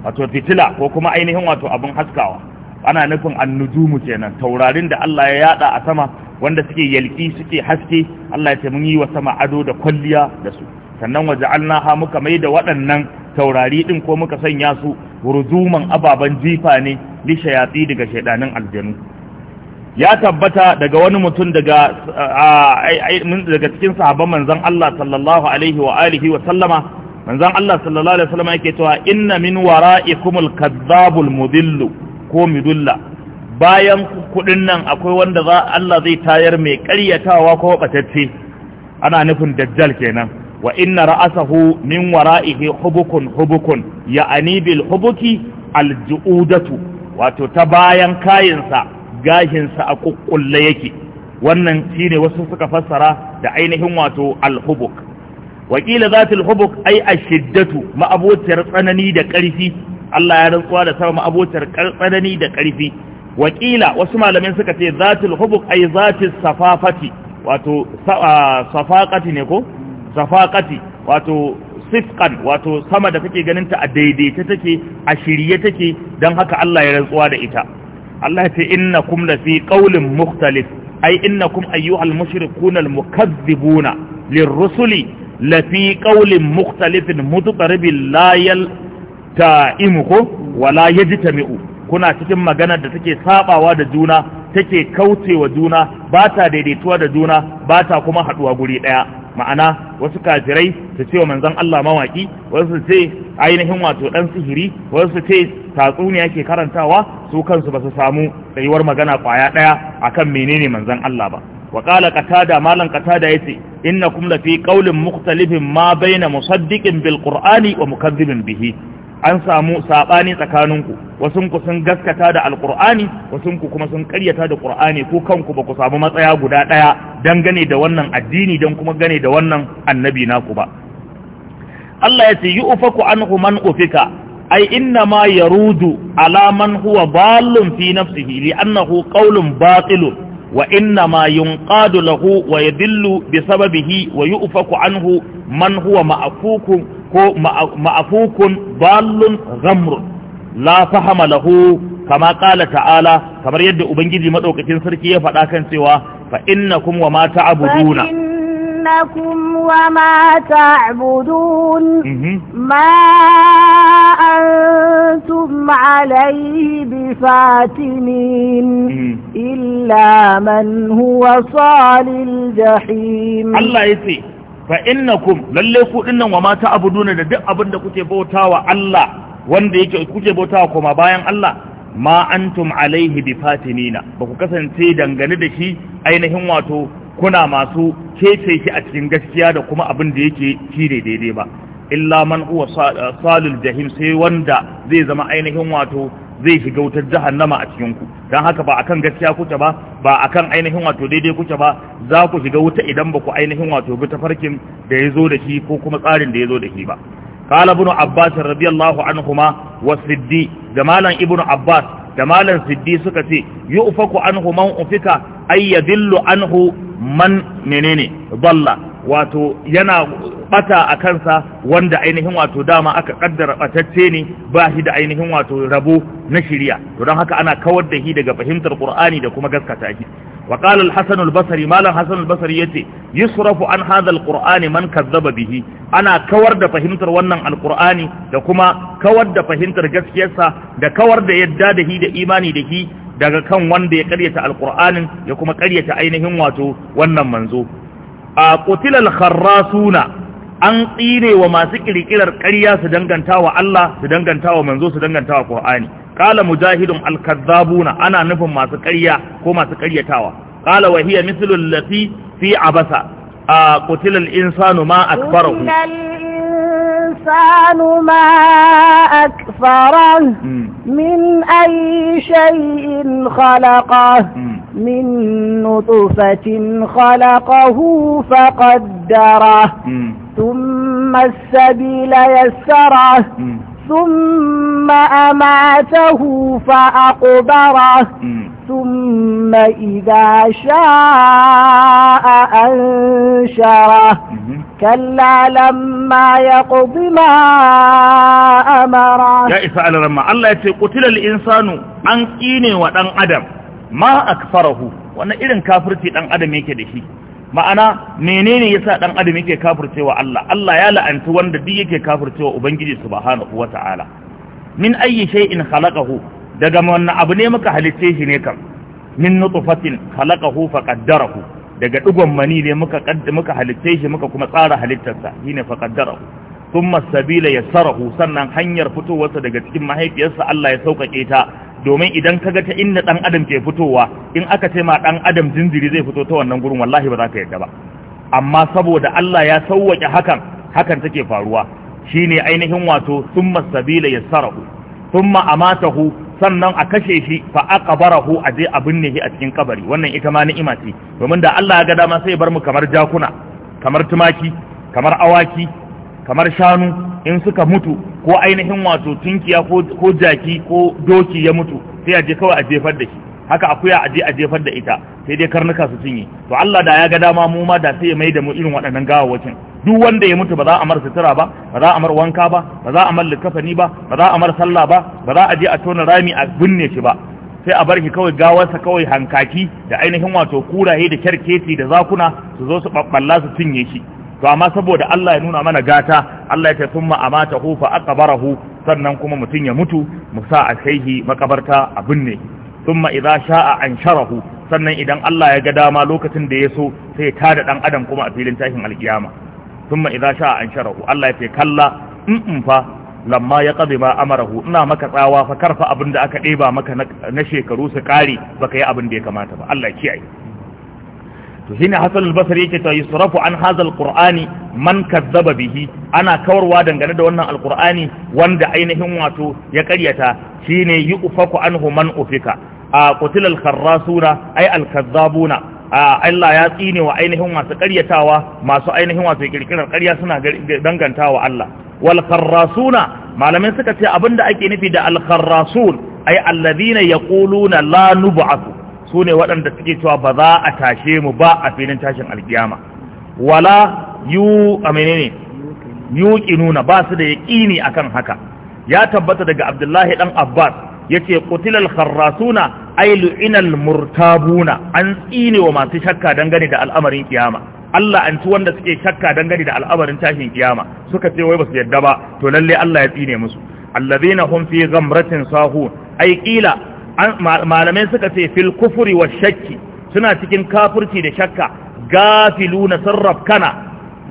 wato fitila ko kuma ainihin wato abin haskawa ana nufin annujumu kenan taurarin da Allah ya yada a sama wanda suke yalki suke haske Allah ya ce mun yi wa sama ado da kwalliya da su sannan waje alnaha muka mai da waɗannan taurari ɗin ko muka sanya su rujuman ababen jifa ne li daga shaidanin aljanu ya tabbata daga wani mutum daga daga cikin sahabban manzon Allah sallallahu alaihi wa alihi wa sallama manzon Allah sallallahu alaihi wa sallama yake cewa inna min wara'ikumul kadzabul mudillu ko midulla bayan kudin nan akwai wanda za Allah zai tayar mai ƙaryatawa ko batacce ana nufin dajjal kenan wa inna ra'asahu min wara'ihi hubukun hubukun ya bil hubuki alju'udatu wato ta bayan kayansa gashinsa a kukkulle yake wannan shine wasu suka fassara da ainihin wato alhubuk wakila zatul hubuk ai ashiddatu ma'abociyar tsanani da ƙarfi Allah ya rantsuwa da sama ma'abociyar tsanani da ƙarfi wakila wasu malamai suka ce zatul hubuk ai zatis safafati wato safaqati ne ko safaqati wato sifqan wato sama da kake ganin ta a daidaita take a shirye take dan haka Allah ya rantsuwa da ita Allah ya ce innakum la fi qawlin mukhtalif ay innakum ayyuhal mushrikuna al mukazzibuna lirrusuli la fi qawlin mukhtalifin mutqaribil la yal ta'imuhu wa la yajtami'u kuna cikin magana da take sabawa da juna take kaucewa juna ba ta daidaituwa da juna ba ta kuma haduwa guri daya ma'ana wasu kafirai su ce wa manzon Allah mawaki wasu ce ainihin wato dan sihiri wasu ce tatsuniya ke karantawa su kansu ba su samu tsayuwar magana kwaya daya akan menene manzon Allah ba wa qala qatada malan qatada yace innakum lafi qawlin mukhtalifin ma baina musaddiqin bil qur'ani wa mukaddibin bihi an samu saɓani tsakaninku wasunku sun gaskata da alƙur'ani wasunku kuma sun ƙaryata da ƙur'ani ko kanku ba ku samu matsaya guda ɗaya don gane da wannan addini don kuma gane da wannan annabi naku ba Allah ya ce yi ufaku an man ufika ai inna ma yarudu ala man huwa ballun fi nafsihi li annahu qawlun batilun wa inna ma yunqadu lahu wa yadillu bi sababihi wa yu'faku anhu man huwa ma'afukun ko ma'afukun dallun ghamrun la fahama lahu kama ƙala ta'ala kamar yadda ubangiji madaukakin sarki ya faɗa kan cewa fa innakum wa ma ta'buduna دينكم وما تعبدون ما أنتم عليه بفاتنين إلا من هو صال الجحيم الله يسي فإنكم لليكو إنا وما تعبدون لدئ أبن كتبوتا بوتاوى الله wanda yake kuke bautawa kuma bayan Allah ma antum alaihi bifatinina ba ku kasance dangane da shi ainihin wato kuna masu kece shi a cikin gaskiya da kuma abin da yake shi ne daidai ba illa man huwa eh, salul jahim sai wanda zai zama ainihin wato zai shiga wutar jahannama a cikin ku dan haka ba akan gaskiya kuke ba ba akan ainihin wato daidai kuke ba za ku shiga wuta idan ba ku ainihin wato bi farkin da yazo da shi ko kuma tsarin da ya zo da shi ba qala ibn abbas radiyallahu ma wa siddi malam ibn abbas da malan siddi suka ce yu'faku anhu man ufika ay anhu man menene balla wato yana bata a kansa wanda ainihin wato dama aka kaddara batacce ne ba shi da ainihin wato rabo na shirya to don haka ana kawar da shi daga fahimtar qur'ani da kuma gaskata shi wa qala al-hasan al-basri malam hasan al-basri yace yusrafu an hadha al-qur'ani man kazzaba bihi ana kawar da fahimtar wannan al-qur'ani da kuma kawar da fahimtar gaskiyarsa da kawar da yadda da shi da imani da shi daga kan wanda ya karyata alqur'anin ya kuma karyata ainihin wato wannan manzo a qutilal kharrasuna an tsine wa masu kirkirar ƙarya su danganta wa Allah su danganta wa manzo su danganta wa qur'ani qala mujahidun alkazzabuna ana nufin masu ƙarya ko masu ƙaryatawa qala wa hiya mithlu allati fi abasa a qutilal insanu ma akbarahu الإنسان ما أكفره من أي شيء خلقه من نطفة خلقه فقدره ثم السبيل يسره ثم أماته فأقبره ثم إذا شاء أنشره كلا لما Ya ما isa ما Allah ya ce لرما الله يتي an الإنسان ɗan adam, ma أدم farahu. Wannan irin kafirci ɗan adam yake da shi ma'ana menene yasa ɗan adam yake kafircewa Allah Allah ya la'anci wanda duk yake kafircewa ubangiji wa ta'ala. min ayyi in khalaqahu daga wannan abu ne muka halicce shi ne kam min nutfatin khalaqahu faqaddarahu daga digon mani ne muka muka shi muka kuma tsara halittarsa shine fa qaddara thumma sabila yassarahu sannan hanyar fitowarsa daga cikin mahaifiyarsa Allah ya sauƙaƙe ta domin idan kaga ta inda dan adam ke fitowa in aka ce ma dan adam jinjiri zai fito ta wannan gurin wallahi ba za ka yadda ba amma saboda Allah ya sauwake hakan hakan take faruwa shine ainihin wato thumma sabila yassarahu thumma amatahu sannan a kashe shi fa aqbarahu aje a binne shi a cikin kabari wannan ita ma ni'ima ce domin da Allah ya ga dama sai bar mu kamar jakuna kamar tumaki kamar awaki kamar shanu in suka mutu ko ainihin wato tunkiya ko jaki ko doki ya mutu sai a je kawai a jefar da shi haka akuya a je a jefar da ita sai dai karnuka su cinye to Allah da ya ga dama mu ma da sai ya maida mu irin waɗannan gawawacin duk wanda ya mutu ba za a mar sutura ba ba za a mar wanka ba ba za a mar likafani ba ba za a mar sallah ba ba za a je a tona rami a binne shi ba sai a bar shi kawai gawarsa kawai hankaki da ainihin wato kuraye da kyarkeci da zakuna su zo su babballa su cinye shi to amma saboda Allah ya nuna mana gata Allah ya ce summa amata hu fa aqbarahu sannan kuma mutum ya mutu musa a kaihi makabarta a binne thumma idza sha'a ansharahu sannan idan Allah ya ga dama lokacin da ya so sai ya tada dan adam kuma a filin tashin alkiyama thumma idza sha'a ansharahu Allah ya ce kalla in fa lamma ya ƙabe ma amarahu ina maka tsawa fa karfa abin da aka ɗeba maka na shekaru su ƙare baka yi abin da ya kamata ba Allah kiyaye to shine Hassan basri yake ta yusrafu an hazal qurani man kazzaba bihi ana kawarwa dangane da wannan al wanda ainihin wato ya karyata shine yufaku anhu man ufika a qutila al ay al Allah ya tsine wa ainihin wasu karyatawa masu ainihin wato kirkirar karya suna dangantawa Allah wal kharrasuna malamai suka ce abinda ake nufi da al-kharrasun ay alladhina yaquluna la nub'atu su ne waɗanda suke cewa ba za a tashe mu ba a filin tashin alkiyama wala yu a menene yuki nuna ba su da yaƙini akan haka ya tabbata daga abdullahi ɗan abbas ya ce kutilal kharrasuna ai lu'inal murtabuna an tsine wa masu shakka dangane da al'amarin kiyama Allah an ci wanda suke shakka dangane da al'amarin tashin kiyama suka ce wai basu yadda ba to lalle Allah ya tsine musu allazina hum fi ghamratin sahu ai ƙila. malamai suka ce fil kufuri wa shakki suna cikin kafirci da shakka gafilu na kana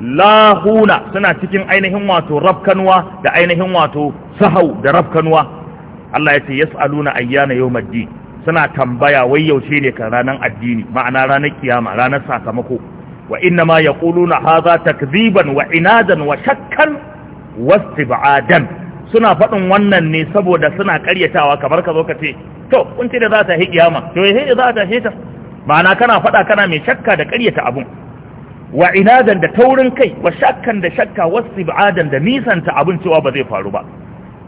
lahuna suna cikin ainihin wato rafkanwa da ainihin wato sahau da rafkanwa Allah ya ce yas'aluna ayyana maddi. suna tambaya wai yaushe ne kan ranar addini ma'ana ranar kiyama ranar sakamako wa inna ma yaquluna hadha takdhiban wa inadan wa shakkan wastib'adan suna faɗin wannan ne saboda suna ƙaryatawa kamar ka zo ka ce to kun ce da za ta hikiyama to ya eh, za ta heta ma'ana kana faɗa kana mai shakka da ƙaryata abun wa inadan da taurin kai wa shakkan da shakka wasu ba'adan da ta abun cewa ba zai faru ba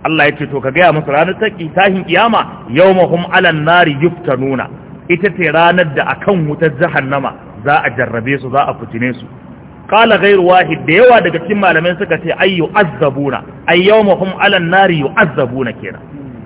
Allah ya ce to ka gaya musu ranar ta tahin kiyama yawmahum alan nari nuna. ita ce ranar da akan wutar jahannama za a jarrabe su za a fitine su qala gairu wahid da yawa daga cikin malamai suka ce ay yu'azzabuna ay yawmahum 'ala an-nari yu'azzabuna kenan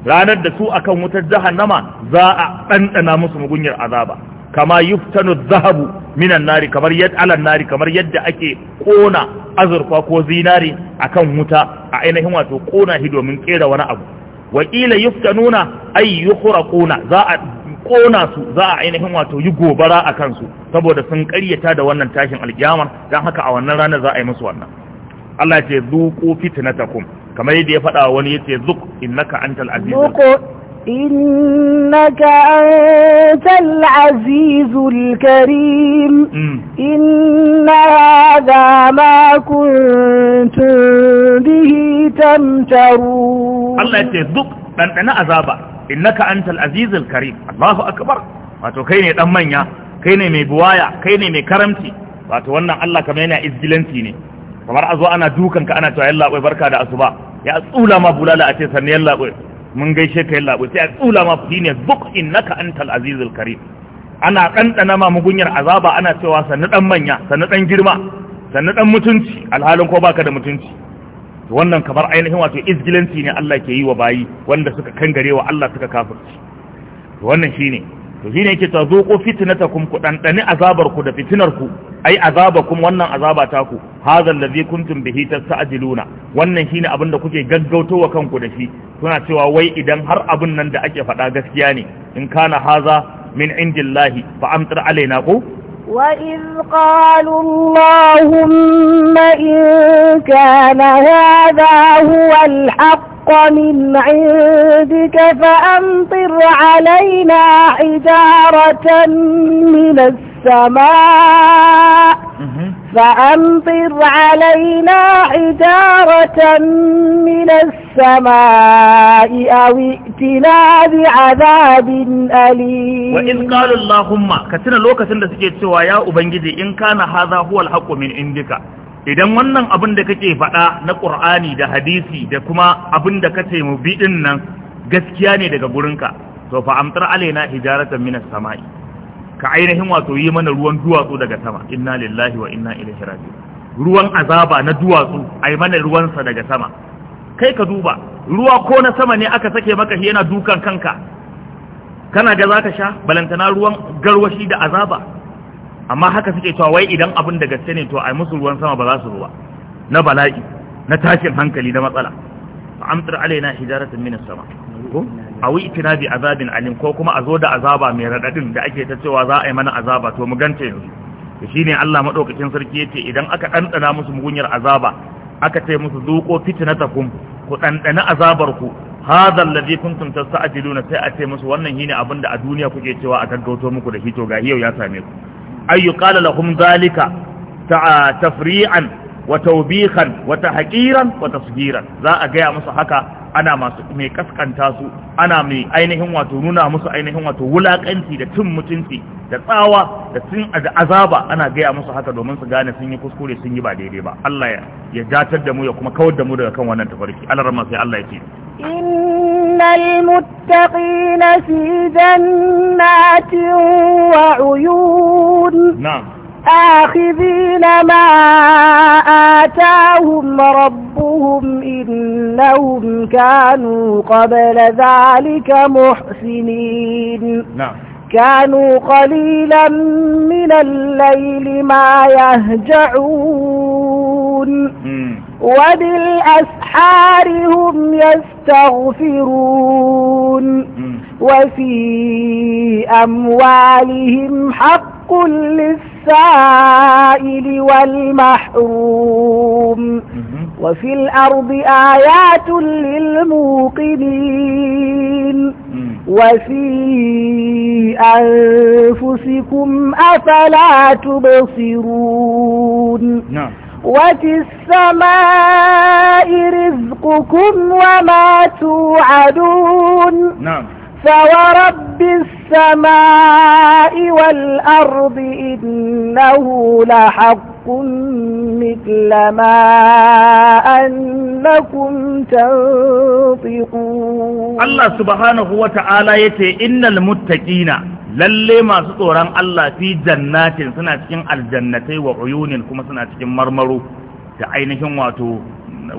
ranar da su akan wutar jahannama za a dandana musu mugunyar azaba kama yuftanu dhahabu minan nari kamar yad 'ala nari kamar yadda ake kona azurfa ko zinari akan wuta a ainihin wato kona shi domin kera wani abu wa kila yuftanuna ay yukhraquna za a kona su za a ainihin wato yi gobara a kansu saboda sun karyata da wannan tashin alkiyamar don haka a wannan ranar za a yi musu wannan Allah ce zuku fitnatakum kamar yadda ya faɗa wani yace zuk innaka antal azizul إنك أنت العزيز الكريم إن هذا ما bihi به allah ce يتذق أنت أنا أذابا innaka antal azizul karim Allahu akbar wato kai ne dan manya kai ne mai buwaya kai ne mai karamci wato wannan Allah kamar yana izgilanci ne kamar a ana dukan ka ana cewa yalla barka da asuba ya tsula ma bulala a ce sanne yalla bai mun gaishe ka yalla bai sai ya tsula ma dine buk innaka antal azizul karim ana ɗanɗana ma mugunyar azaba ana cewa sannu ɗan manya sannu ɗan girma sannu dan mutunci alhalin ko baka da mutunci wannan kamar ainihin wato izgilanci ne Allah ke yi wa bayi wanda suka kangare wa Allah suka kafirci wannan shine to shine yake ta zuqu fitnatakum ku dan azabar ku da fitinar ku ai azabakum wannan azaba ta ku hadha allazi kuntum bihi tasta'jiluna wannan shine abin da kuke gaggautowa kanku da shi kuna cewa wai idan har abin nan da ake faɗa gaskiya ne in kana haza min indillahi fa amtir alaina ku وإذ قالوا اللهم إن كان هذا هو الحق من عندك فأمطر علينا حجارة من السماء فأمطر علينا حجارة من السماء أو ائتنا بعذاب أليم وإذ قال اللهم كتنا لوكا سند سكيت سوى يا أبنجدي إن كان هذا هو الحق من عندك idan wannan abin da kake faɗa na ƙur'ani da hadisi da kuma abin da kace mu bi nan gaskiya ne daga gurinka to fa amtar alaina hijaratan minas sama'i ka ainihin wato yi mana ruwan duwatsu daga sama inna lillahi wa inna ilaihi raji ruwan azaba na duwatsu ai mana ruwansa daga sama kai ka duba ruwa ko na sama ne aka sake maka shi yana dukan kanka kana ga zaka sha balantana ruwan garwashi da azaba amma haka suke cewa wai idan abin da gaske ne to ai musu ruwan sama ba za su ruwa na bala'i na tashin hankali na matsala fa amtar alaina hijaratan minas sama a wi itina bi azabin alim ko kuma a zo da azaba mai radadin da ake ta cewa za a yi mana azaba to mu gante yanzu ne Allah madaukakin sarki yace idan aka ɗanɗana musu mugunyar azaba aka ce musu zuko fitnatakum ku ɗanɗana azabar ku hadha alladhi kuntum tasta'jiluna sai a ce musu wannan shine da a duniya kuke cewa a gaggauto muku da hito ga yau ya same ku ayyuka qala lahum zalika tafri'an wa tawbihan wa tahqiran wa tasgiran za a ga musu haka ana masu mai kaskanta su ana mai ainihin wato nuna musu ainihin wato wulakanci da cin mutunci da tsawa da tun da azaba ana gaya musu haka domin su gane sun yi kuskure sun yi ba daidai ba Allah ya ya da mu ya kuma kawar da mu daga kan wannan tafarki Allah rahma sai Allah ya ce innal muttaqina fi jannatin wa uyun na'am آخذين ما آتاهم ربهم إنهم كانوا قبل ذلك محسنين نعم كانوا قليلا من الليل ما يهجعون وبالأسحار هم يستغفرون وفي أموالهم حق للسائل والمحروم وفي الأرض آيات للموقنين وفي أنفسكم أفلا تبصرون نعم وفي السماء رزقكم وما توعدون نعم فورب السماء والأرض إنه لحق مثل ما أنكم تنطقون الله سبحانه وتعالى يتي إن المتقين lalle masu tsoron Allah fi jannatin suna cikin aljannatai wa uyunin kuma suna cikin marmaro da ainihin wato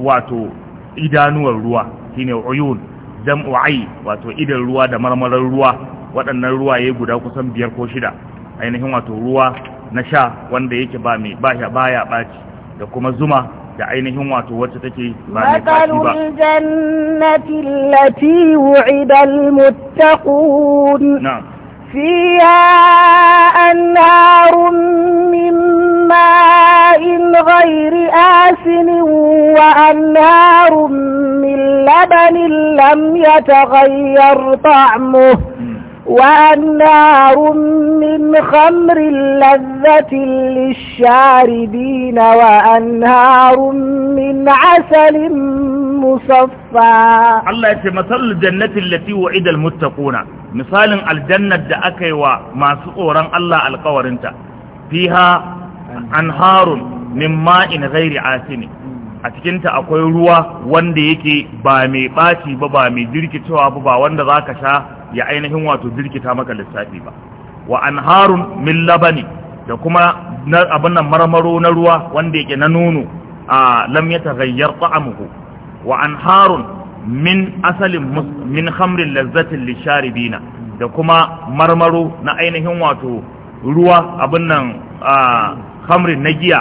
wato idanuwar ruwa shine uyun jam'u ai wato idan ruwa da marmaran ruwa waɗannan ruwaye guda kusan biyar ko shida ainihin wato ruwa na sha wanda yake ba mai baya baya baci da kuma zuma da ainihin wato wacce take ba mai ba ba jannati allati wu'ida almuttaqun na'am فيها أنهار من ماء غير آسن وأنهار من لبن لم يتغير طعمه وأنهار من خمر لذة للشاربين وأنهار من عسل مصفى الله يتمثل الجنة التي وعد المتقون misalin aljannar da aka yi wa masu tsoron Allah alkawarinta fiha anharun min ma'in ghairi asini a cikinta akwai ruwa wanda yake ba mai ɓaci ba ba mai jirkitawa ba ba wanda za ka sha ya ainihin wato jirkita maka lissafi ba wa anharun min labani da kuma abin nan marmaro na ruwa wanda yake na nono a lamyata ya tagayyar ta'amuhu wa anharun min asalin min khamrin lazzatin lisharibina da kuma marmaro na ainihin wato ruwa abin nan khamrin na giya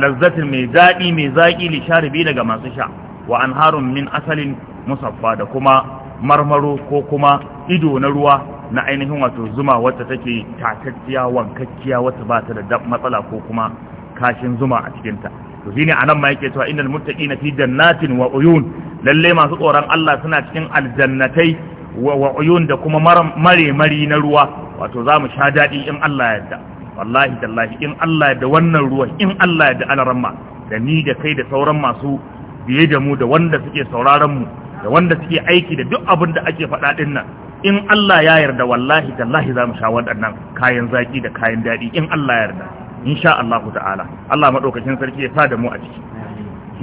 lazzatin mai daɗi mai zaƙi lisharibina ga masu sha wa harun min asalin musaffa da kuma marmaro ko kuma ido na ruwa na ainihin wato zuma wacce take tatacciya wankacciya wacce ba ta da matsala ko kuma kashin zuma a cikinta to shine anan ma yake cewa innal muttaqina fi jannatin wa uyun lalle masu tsoron Allah suna cikin aljannatai wa uyun da kuma mare mari na ruwa wato za mu sha daɗi in Allah ya yarda wallahi tallahi in Allah ya wannan ruwa in Allah ya da alaramma da ni da kai da sauran masu biye da mu da wanda suke sauraron mu da wanda suke aiki da duk abin da ake faɗa ɗin nan in Allah ya yarda wallahi tallahi za mu sha waɗannan kayan zaki da kayan daɗi in Allah ya yarda insha Allah ta'ala Allah madaukakin sarki ya sa da mu a ciki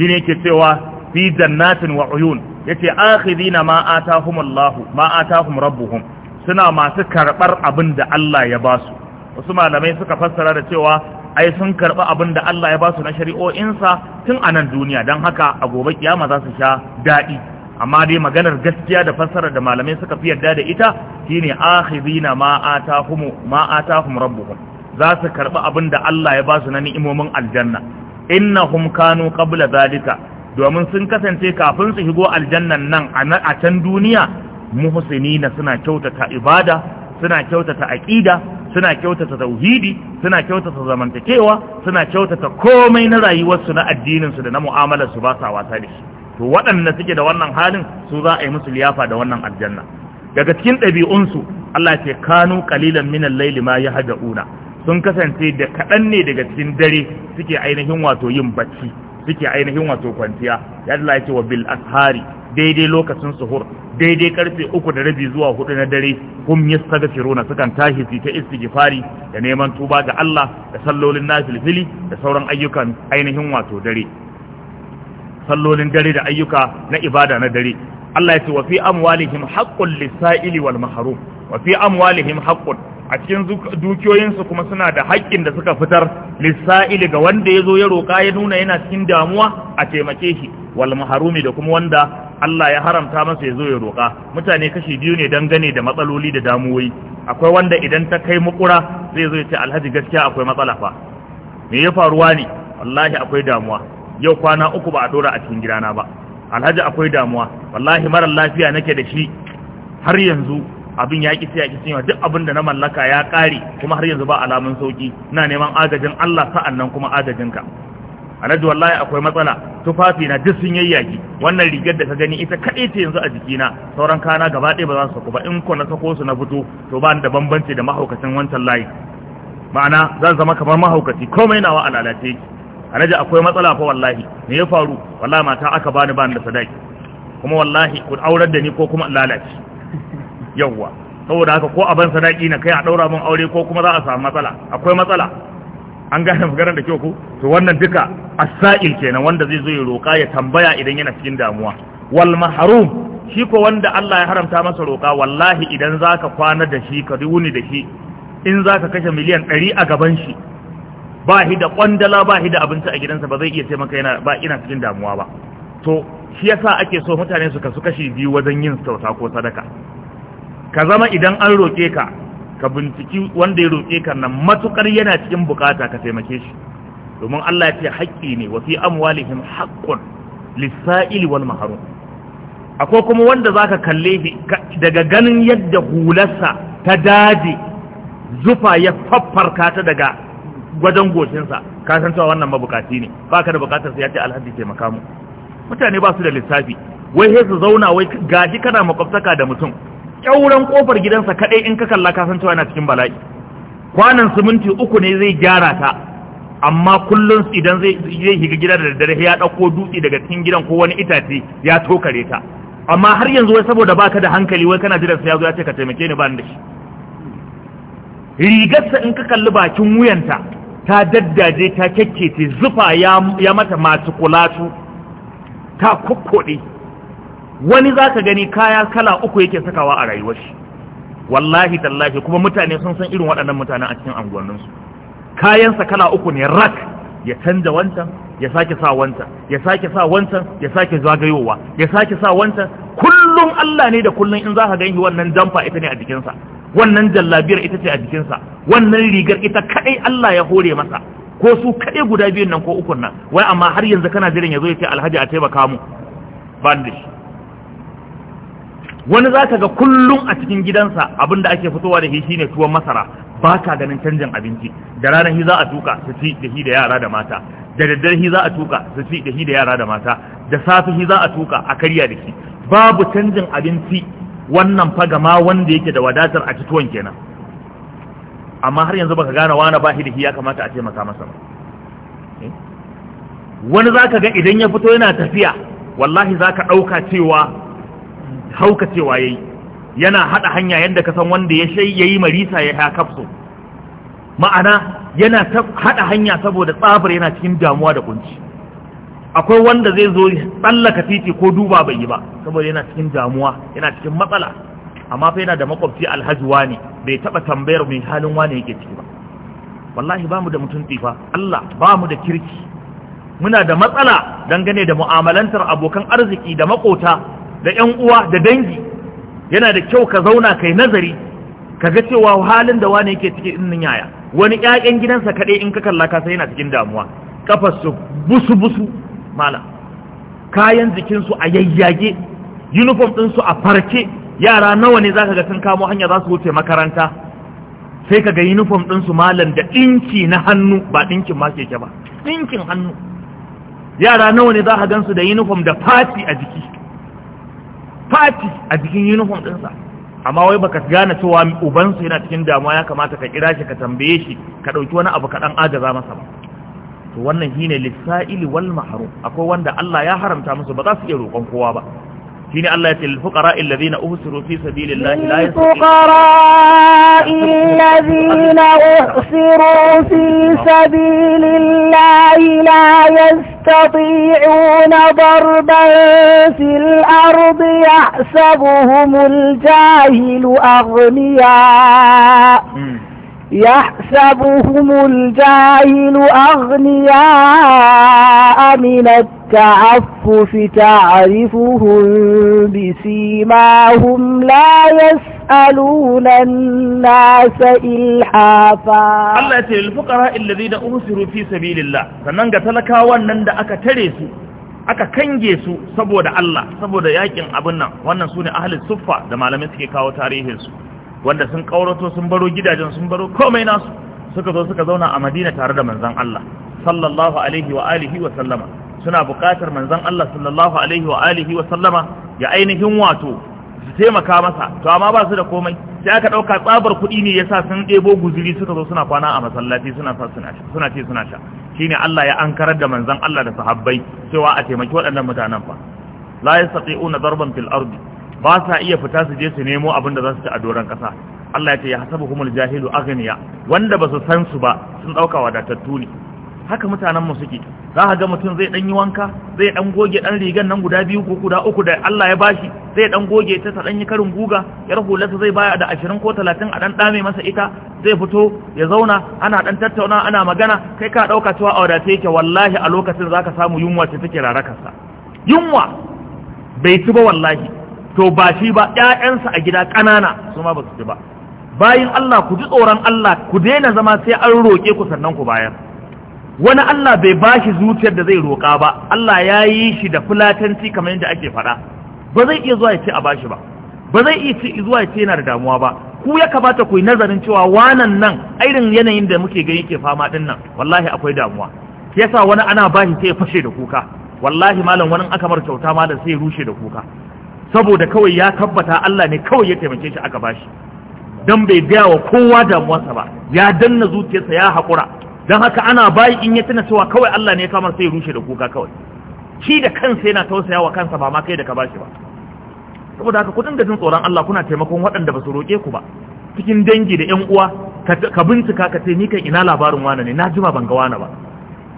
shine yake cewa fi jannatin wa uyun yace akhidina ma atahum Allah ma atahum rabbuhum suna masu karbar abin da Allah ya basu wasu malamai suka fassara da cewa ai sun karba abin da Allah ya basu na shari'o'insa tun a nan duniya don haka a gobe kiyama za su sha daɗi amma dai maganar gaskiya da fassara da malamai suka fi yarda da ita shine akhidina ma atahum ma atahum rabbuhum za su karba abin da Allah ya basu na ni'imomin aljanna innahum kanu qabla zalika domin sun kasance kafin su shigo aljannan nan a can duniya na suna kyautata ibada suna kyautata aqida suna kyautata tauhidi suna kyautata zamantakewa suna kyautata komai na rayuwarsu na addininsu da na mu'amalarsu ba sa wasa da shi to waɗanda suke da wannan halin su za a yi musu liyafa da wannan aljanna daga cikin ɗabi'unsu Allah ce kanu qalilan minal layli ma yahdauna sun kasance da kaɗan ne daga cikin dare suke ainihin wato yin bacci suke ainihin wato kwanciya ya Allah ya ce wa bil ashari daidai lokacin suhur daidai karfe uku da rabi zuwa hudu na dare hum yastaghfiruna sukan tashi su ta istighfari da neman tuba ga Allah da sallolin nafilfili da sauran ayyukan ainihin wato dare sallolin dare da ayyuka na ibada na dare Allah ya ce wa fi amwalihim haqqul lis wal mahrum wa fi amwalihim haqqun a cikin dukiyoyinsu kuma suna da haƙƙin da suka fitar lissa'ili ga wanda ya zo ya roƙa ya nuna yana cikin damuwa a taimake shi wal maharumi da kuma wanda Allah ya haramta masa ya zo ya roƙa mutane kashi biyu ne gane da matsaloli da damuwoyi akwai wanda idan ta kai mukura zai zo ya ce alhaji gaskiya akwai matsala fa me ya faruwa ne wallahi akwai damuwa yau kwana uku ba a dora a cikin gidana ba alhaji akwai damuwa wallahi mara lafiya nake da shi har yanzu abin ya kisa ya yawa duk abin da na mallaka ya kare kuma har yanzu ba alamun sauki ina neman agajin Allah sa'an nan kuma agajin ka naji wallahi akwai matsala tufafi na duk sun yayyaki wannan rigar da ka gani ita kaɗai ce yanzu a jikina sauran kana gaba ɗaya ba za su sako ba in ko na sako su na fito to ba ni da bambanci da mahaukacin wancan layi ma'ana zan zama kamar mahaukaci komai nawa a lalace ki alhaji akwai matsala fa wallahi me ya faru wallahi mata aka bani ba ni da sadaki kuma wallahi ku aurar da ni ko kuma lalace yawwa saboda haka ko aban sadaki na kai a daura mun aure ko kuma za a samu matsala akwai matsala an gane maganar da kyau ku to wannan duka asail kenan wanda zai zo ya roka ya tambaya idan yana cikin damuwa wal mahrum shi ko wanda Allah ya haramta masa roka wallahi idan zaka kwana da shi ka wuni da shi in zaka kashe miliyan 100 a gaban shi ba shi da kwandala ba shi da abinci a gidansa ba zai iya taimaka yana ba ina cikin damuwa ba to shi yasa ake so mutane su kasu kashi biyu wajen yin sauta ko sadaka ka zama idan an roƙe ka ka binciki wanda ya roƙe ka nan matukar yana cikin bukata ka taimake shi domin Allah ya ce haƙƙi ne wa fi amwalihim haqqun lis-sa'il wal mahrum akwai kuma wanda zaka kalle shi daga ganin yadda hularsa ta daji zufa ya faffarka ta daga gwadon goshinsa ka san cewa wannan mabukaci ne baka da bukatar sai ya ce alhaji taimaka mu mutane ba su da lissafi wai sai su zauna wai gaji kana makwabtaka da mutum kyauran kofar gidansa kaɗai in ka kalla ka san cewa yana cikin bala'i kwanan siminti uku ne zai gyara ta amma kullum idan zai shiga gida da daddare ya dauko dutse daga cikin gidan ko wani itace ya tokare ta amma har yanzu wai saboda baka da hankali wai kana jiran sai ya zo ya ce ka taimake ni ba ni da shi rigarsa in ka kalli bakin wuyanta ta daddaje ta kyakkece zufa ya mata masu kulatu ta kokkoɗe wani za ka gani kaya kala uku yake sakawa a rayuwar shi wallahi tallahi kuma mutane sun san irin waɗannan mutanen a cikin anguwanninsu kayansa kala uku ne rak ya canza wancan ya sake sa wancan ya sake sa wancan ya sake zagayowa ya sake sa wancan kullum Allah ne da kullum in za ka gani wannan jamfa ita ne a jikinsa wannan jallabiyar ita ce a jikinsa wannan rigar ita kaɗai Allah ya hore masa ko su kaɗai guda biyun nan ko ukun nan wai amma har yanzu kana jiran ya zo ya ce alhaji a taimaka mu ban wani za ka ga kullum a cikin gidansa abin da ake fitowa da shi shine tuwon masara ba ka ganin canjin abinci da ranar shi za a tuka su ci da shi da yara da mata da daddare shi za a tuka su ci da shi da yara da mata da safi shi za a tuka a karya da shi babu canjin abinci wannan fagama wanda yake da wadatar a tuwon kenan amma har yanzu baka gane wani ba shi da shi ya kamata a taimaka masa ba eh? wani za ka ga idan ya fito yana tafiya wallahi za ka ɗauka cewa haukacewa yayi yana hada hanya yadda ka san wanda ya shay yayi marisa ya kafso ma'ana yana haɗa hanya saboda tsabar yana cikin damuwa da kunci akwai wanda zai zo tsallaka titi ko duba bai yi ba saboda yana cikin damuwa yana cikin matsala amma fa yana da makwabci alhaji wani bai taba tambayar mai halin wani yake ciki ba wallahi bamu da mutum tsifa Allah bamu da kirki muna da matsala dangane da mu'amalantar abokan arziki da makota da yan uwa da dangi yana da kyau ka zauna kai nazari ka ga cewa halin da wani yake cikin innin yaya wani ƴaƴan gidansa kaɗai in ka kalla ka sai yana cikin damuwa kafarsu busu busu mala kayan jikinsu a yayyage uniform ɗinsu a farke yara nawa ne zaka ga sun kamo hanya za su wuce makaranta sai ka ga uniform ɗinsu malam da ɗinki na hannu ba ɗinkin ma keke ba ɗinkin hannu yara nawa ne za ka gansu da uniform da fati a jiki fati a jikin uniform ɗinsa amma wai baka gane cewa ubansu yana cikin damuwa ya kamata ka kira shi ka tambaye shi ka ɗauki wani abu ka ɗan agaza masa ba to wannan shine lissa'ili wal mahrum akwai wanda Allah ya haramta musu ba za su iya roƙon kowa ba شيني الله يتل الفقراء الذين أهسروا في سبيل الله لا يستطيعون الفقراء الذين أهسروا في سبيل الله لا يستطيعون ضربا في الأرض يحسبهم الجاهل أغنياء يحسبهم الجاهل أغنياء من التعفف تعرفهم بسيماهم لا يسألون الناس إلحافا الله يتعلم الفقراء الذين أرسلوا في سبيل الله sannan ga talakawa nan da aka tare su aka kange su saboda Allah saboda yakin abin nan wannan sune ahli suffa da malamai suke kawo tarihin su wanda sun kaurato sun baro gidajen sun baro komai nasu suka zo suka zauna a Madina tare da manzon Allah sallallahu alaihi wa alihi wa sallama suna buƙatar manzon Allah sallallahu alaihi wa alihi wa sallama ya ainihin wato su taimaka masa to amma ba su da komai sai aka ɗauka tsabar kuɗi ne ya sa sun ɗebo guziri suka zo suna kwana a masallaci suna sa suna ce suna sha shine Allah ya ankarar da manzon Allah da sahabbai cewa a taimaki waɗannan mutanen fa la Una darban fil ardi ba sa iya fita su je su nemo abin da za su ci a doron ƙasa Allah ya ce ya hasabu kuma jahilu aghniya wanda ba su san su ba sun ɗauka wadatattu ne haka mutanenmu suke za a ga mutum zai ɗan yi wanka zai ɗan goge ɗan rigan nan guda biyu ko guda uku da Allah ya bashi zai ɗan goge ta ta ɗan yi karin guga yar hulata zai baya da ashirin ko talatin a ɗan ɗame masa ita zai fito ya zauna ana ɗan tattauna ana magana kai ka ɗauka cewa a wadata yake wallahi a lokacin za ka samu yunwa ce take rarakarsa yunwa bai ci ba wallahi to ba shi ba ƴaƴansa a gida ƙanana su ma ba su ci ba bayin Allah ku ji tsoron Allah ku daina zama sai an roƙe ku sannan ku bayar wani Allah bai ba shi zuciyar da zai roƙa ba Allah ya yi shi da fulatanci kamar yadda ake faɗa ba zai iya zuwa ya ce a ba shi ba ba zai iya zuwa ya ce yana da damuwa ba ku ya kamata ku yi nazarin cewa wanan nan irin yanayin da muke gani ke fama din nan wallahi akwai damuwa yasa wani ana ba shi sai ya fashe da kuka wallahi malam wani aka mar kyauta malam sai ya rushe da kuka saboda kawai ya tabbata Allah ne kawai ya taimake shi aka bashi dan bai gaya wa kowa damuwarsa ba ya danna zuciyarsa ya haƙura don haka ana bayi in ya tuna cewa kawai Allah ne ya kamar sai rushe da kuka kawai shi da kansa yana tausaya wa kansa ba ma kai da ka bashi ba saboda haka ku dinga jin tsoron Allah kuna taimakon waɗanda ba su roƙe ku ba cikin dangi da ƴan uwa ka bincika ka ce ni kan ina labarin wani ne na jima ban ga wani ba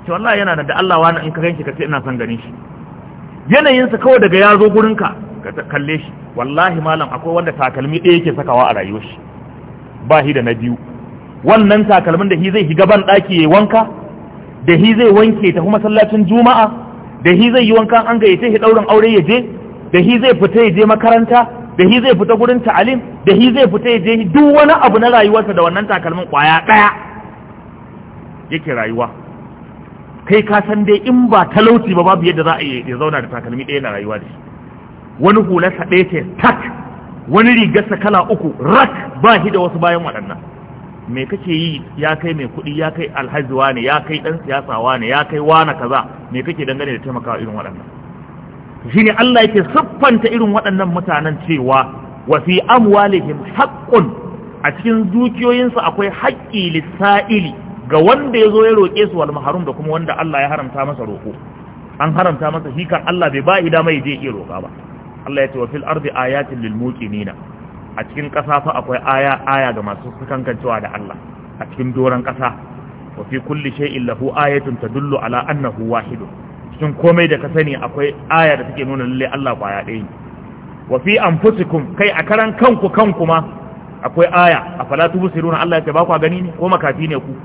ce wallahi yana da Allah wani in ka ganshi ka ce ina son ganin shi yanayinsa kawai daga ya zo gurinka ka kalle shi wallahi malam akwai wanda takalmi ɗaya yake sakawa a rayuwar shi ba shi da na biyu wannan takalmin da shi zai shiga ban ɗaki ya wanka da shi zai wanke ta kuma sallacin juma'a da shi zai yi wanka an gayyace shi ɗaurin aure ya je da shi zai fita ya je makaranta da shi zai fita gurin ta'alim da shi zai fita ya je duk wani abu na rayuwarsa da wannan takalmin kwaya ɗaya yake rayuwa kai ka san dai in ba talauci ba babu yadda za a ya zauna da takalmi ɗaya na rayuwa da shi wani hularsa ɗaya ce tak wani rigarsa kala uku rak ba shi da wasu bayan waɗannan me kake yi ya kai mai kuɗi ya kai alhaziwa ne ya kai ɗan siyasawa ne ya kai wana kaza me kake dangane da taimakawa irin waɗannan shi Allah yake siffanta irin waɗannan mutanen cewa wa fi amwalihim haqqun a cikin dukiyoyinsu akwai haƙƙi lisa'ili ga wanda ya zo ya roƙe su wal da kuma wanda Allah ya haramta masa roƙo an haramta masa shi kan Allah bai ba ida mai je iya roƙa ba Allah ya ce wa fil ardi ayatin lil muqinina a cikin ƙasa fa akwai aya aya ga masu kankancewa da Allah a cikin doron ƙasa wa fi kulli shay'in lahu ayatun tadullu ala annahu wahid cikin komai da ka sani akwai aya da take nuna lalle Allah kwaya ɗaya wa fi anfusikum kai a karan kanku kanku ma akwai aya a fala tubsiruna Allah ya ce ba ku gani ne ko makafi ne ku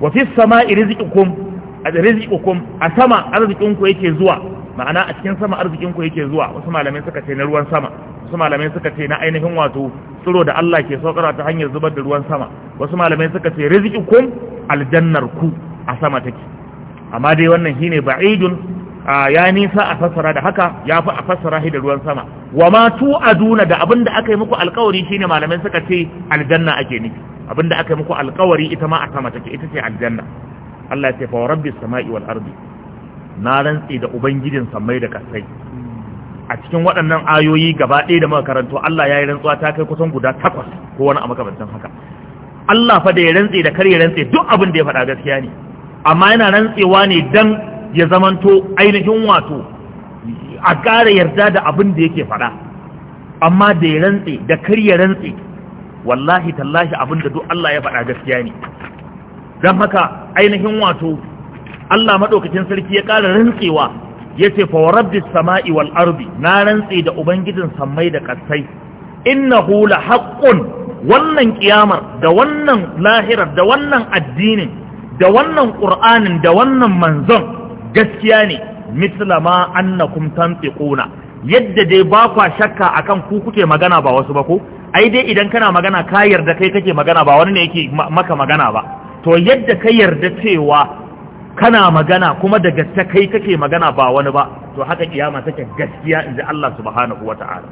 wa fi sama'i rizqikum a sama arzikinku yake zuwa ma'ana a cikin sama arzikinku yake zuwa wasu malamai suka ce na ruwan sama wasu malamai suka ce na ainihin wato tsiro da Allah ke saukara ta hanyar zubar da ruwan sama wasu malamai suka ce rizqikum aljannar ku a sama take amma dai wannan shine ba'idun ya nisa a fassara da haka ya fi a fassara shi da ruwan sama wa ma aduna da abinda aka yi muku alkawari shine malamai suka ce aljanna ake nufi abinda aka yi muku alkawari ita ma a sama take ita ce aljanna Allah ya ce fa rabbis sama'i wal ardi na rantsi da ubangijin samai da kasai a cikin waɗannan ayoyi gaba ɗaya da muka karanto Allah ya yi rantsuwa ta kai kusan guda takwas ko wani a makamantan haka Allah fa da ya rantse da kar ya rantse duk abin da ya faɗa gaskiya ne amma yana rantsewa ne dan ya zamanto ainihin wato a ƙara yarda da abin da yake faɗa amma da ya rantse da kar ya rantse wallahi tallahi abin da duk Allah ya faɗa gaskiya ne don haka ainihin wato Allah maɗaukacin sarki ya ƙara rantsewa yace fa rabbis sama'i wal ardi na rantsi da ubangijin sammai da kasai innahu la haqqun wannan kiyamar da wannan lahirar da wannan addinin da wannan qur'anin da wannan manzon gaskiya ne Mislama ma annakum tantiquna yadda dai ba kwa shakka akan ku kuke magana ba wasu ba ko ai dai idan kana magana ka yarda kai kake magana ba wani ne yake maka magana ba to yadda ka yarda cewa kana magana kuma daga ta kai kake magana ba wani ba to haka kiyama take gaskiya inji Allah subhanahu wata'ala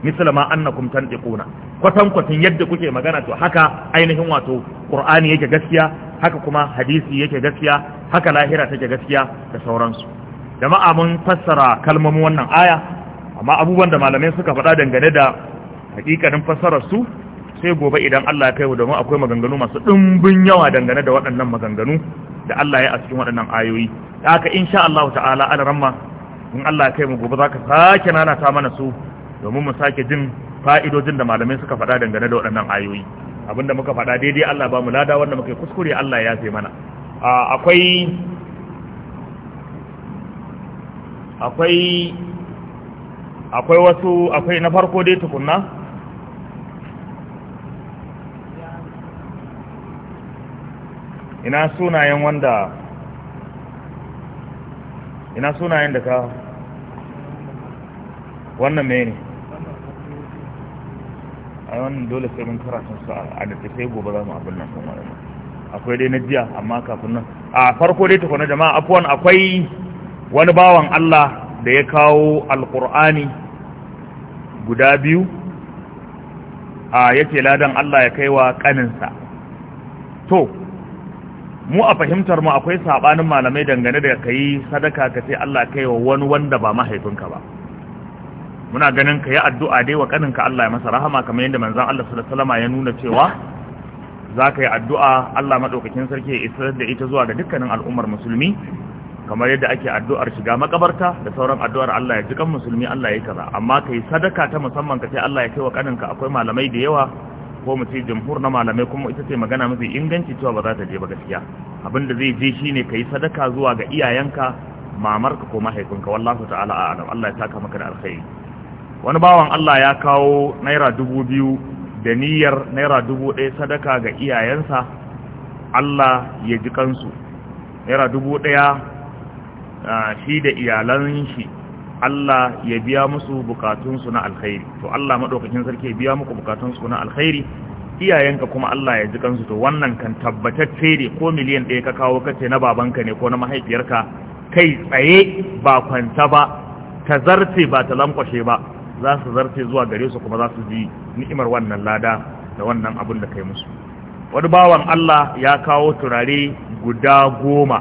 misal ma annakum tantiquna kwatan kwatin yadda kuke magana to haka ainihin wato qur'ani yake gaskiya haka kuma hadisi yake gaskiya haka lahira take gaskiya da sauransu jama'a mun fassara kalmomin wannan aya amma abubuwan da malamai suka faɗa dangane da hakikanin fassarar su sai gobe idan Allah ya kai mu domin akwai maganganu masu ɗumbin yawa dangane da waɗannan maganganu da Allah ya a cikin waɗannan ayoyi Da aka insha Allah ta'ala ala ramma in Allah ya kai mu gobe za ka sake nana ta mana su domin mu sake jin fa'idojin da malamai suka faɗa dangane da waɗannan ayoyi abinda muka faɗa daidai Allah ba mu lada wanda muka yi kuskure Allah ya sai mana akwai akwai akwai wasu akwai na farko dai tukunna ina sunayen wanda ina sunayen da ka wannan mai ne a wannan dole sai mun karatun su a da sai gobe za mu abin nan kuma da akwai dai na jiya amma kafin nan a farko dai tukuna jama'a afuwan akwai wani bawan Allah da ya kawo alkur'ani guda biyu a yake ladan Allah ya kaiwa kaninsa to mu a fahimtar mu akwai sabanin malamai dangane da kai sadaka ka sai Allah kai wa wani wanda ba mahaifinka ba muna ganin ka yi addu'a dai wa kaninka Allah ya masa rahama kamar yadda manzon Allah sallallahu alaihi wasallam ya nuna cewa za ka yi addu'a Allah madaukakin sarki ya isar da ita zuwa ga dukkanin al'ummar musulmi kamar yadda ake addu'ar shiga makabarta da sauran addu'ar Allah ya ji musulmi Allah ya kaza amma kai sadaka ta musamman ka sai Allah ya kai wa kaninka akwai malamai da yawa ko mu ce jamhur na malamai kuma ita ce magana mafi inganci cewa ba za ta je ba gaskiya abin da zai je shine yi sadaka zuwa ga iyayenka mamarka ko mahaifinka wallahu ta'ala a'lam Allah ya saka maka da alkhairi wani bawan Allah ya kawo naira dubu biyu da niyyar naira dubu ɗaya sadaka ga iyayensa Allah ya ji kansu naira dubu ɗaya ah, shi da iyalan shi Allah ya biya musu bukatunsu na alkhairi to Allah madaukakin sarki ya biya muku bukatunsu na alkhairi iyayenka kuma Allah ya ji kansu to wannan kan tabbatacce ne ko miliyan ɗaya ka kawo kace na babanka ne ko na mahaifiyarka kai tsaye ba kwanta ba ta zarce ba ta lankwashe ba za su zarce zuwa gare su kuma za su ji ni'imar wannan lada da wannan abin da kai musu wani bawan Allah ya kawo turare guda goma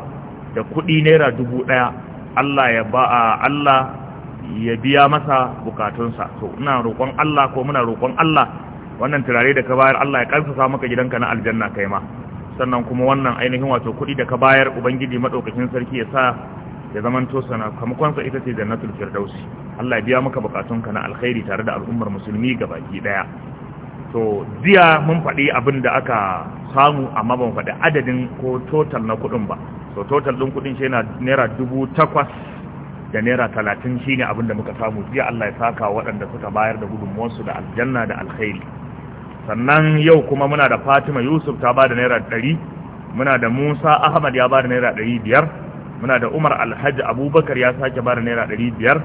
da kuɗi naira dubu ɗaya Allah ya ba Allah ya biya masa bukatunsa so ina roƙon Allah ko muna roƙon Allah wannan turare da ka bayar Allah ya karfafa maka gidanka na aljanna kai ma sannan kuma wannan ainihin wato kuɗi da ka bayar ubangiji madaukakin sarki ya sa ya zamanto sana kamakonsa ita ce jannatul firdausi Allah ya biya maka bukatunka na alkhairi tare da al'ummar musulmi gabaki daya to ziya mun faɗi abin da aka samu amma ban faɗi adadin ko total na kuɗin ba so total ɗin kuɗin shi yana naira dubu takwas da naira talatin shi ne abinda muka samu jiya Allah ya saka waɗanda suka bayar da su da aljanna da alkhairi sannan yau kuma muna da fatima yusuf ta ba da naira ɗari muna da musa ahmad ya ba da naira ɗari biyar muna da umar alhaji abubakar ya sake ba da naira ɗari biyar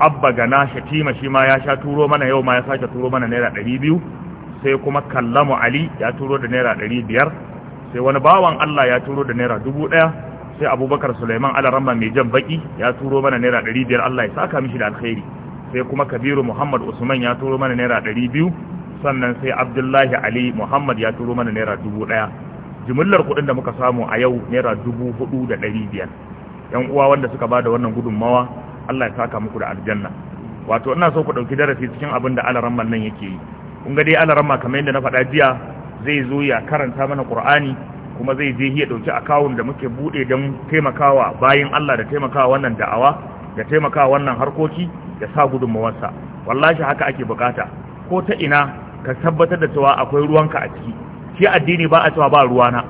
abba gana shatima shi ma ya sha turo mana yau ma ya sake turo mana naira ɗari biyu sai kuma kallamu ali ya turo da naira ɗari biyar sai wani bawan allah ya turo da naira dubu ɗaya sai abubakar suleiman alarama mai jan baki ya turo mana naira 500 biyar allah ya saka mishi da alkhairi sai kuma kabiru muhammad usman ya turo mana naira 200 biyu sannan sai abdullahi ali muhammad ya turo mana naira 1,000 jimillar kuɗin da muka samu a yau naira dubu da biyar yan uwa wanda suka ba da wannan gudunmawa allah ya saka muku da aljanna wato ina so ku ɗauki darasi cikin abin da alaramman nan yake yi kun ga dai alaramma kamar yadda na faɗa jiya zai zo ya karanta mana ƙur'ani kuma zai je ya dauki akawun da muke bude don taimakawa bayan Allah da taimakawa wannan da'awa da taimakawa wannan harkoki da sa gudunmawarsa wallashi haka ake bukata ko ta ina ka tabbatar da cewa akwai ruwanka a ciki shi addini ba a cewa ba ruwana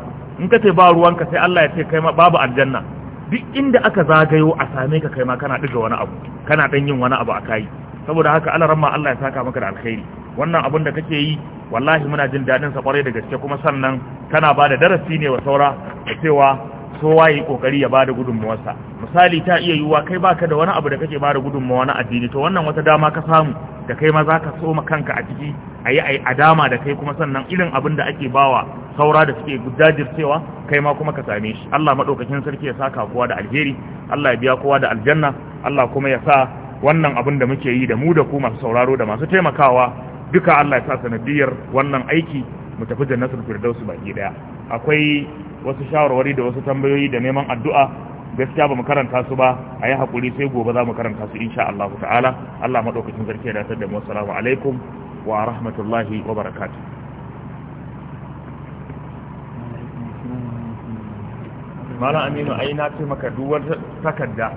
in ka ce ba ruwanka sai Allah ya ce kai ma babu aljanna duk inda aka zagayo a same ka kai ma kana diga wani abu kana dan yin wani abu a kai saboda haka Allah ramma Allah ya saka maka da alkhairi wannan abin da kake yi wallahi muna jin dadin sa kwarai da gaske kuma sannan kana bada darasi ne wa saura da cewa so yayi kokari ya bada sa misali ta iya yiwuwa kai baka da wani abu da kake bada gudunmuwa na addini to wannan wata dama ka samu da kai ma zaka so ma kanka a ciki ayi ayi adama da kai kuma sannan irin abin da ake bawa saura da suke gudajircewa kai ma kuma ka same shi Allah madaukakin sarki ya saka kowa da alheri Allah ya biya kowa da aljanna Allah kuma ya sa wannan abin da muke yi da mu da ku masu sauraro da masu taimakawa duka Allah ya sa sanadiyar wannan aiki mu tafi da jannatul firdausu baki daya akwai wasu shawarwari da wasu tambayoyi da neman addu'a gaskiya ba mu karanta su ba a yi haƙuri sai gobe za mu karanta su insha Allah ta'ala Allah maɗaukacin sarki ya datar da mu assalamu alaikum wa rahmatullahi wa barakatuh malam aminu ai na ce maka duwar takarda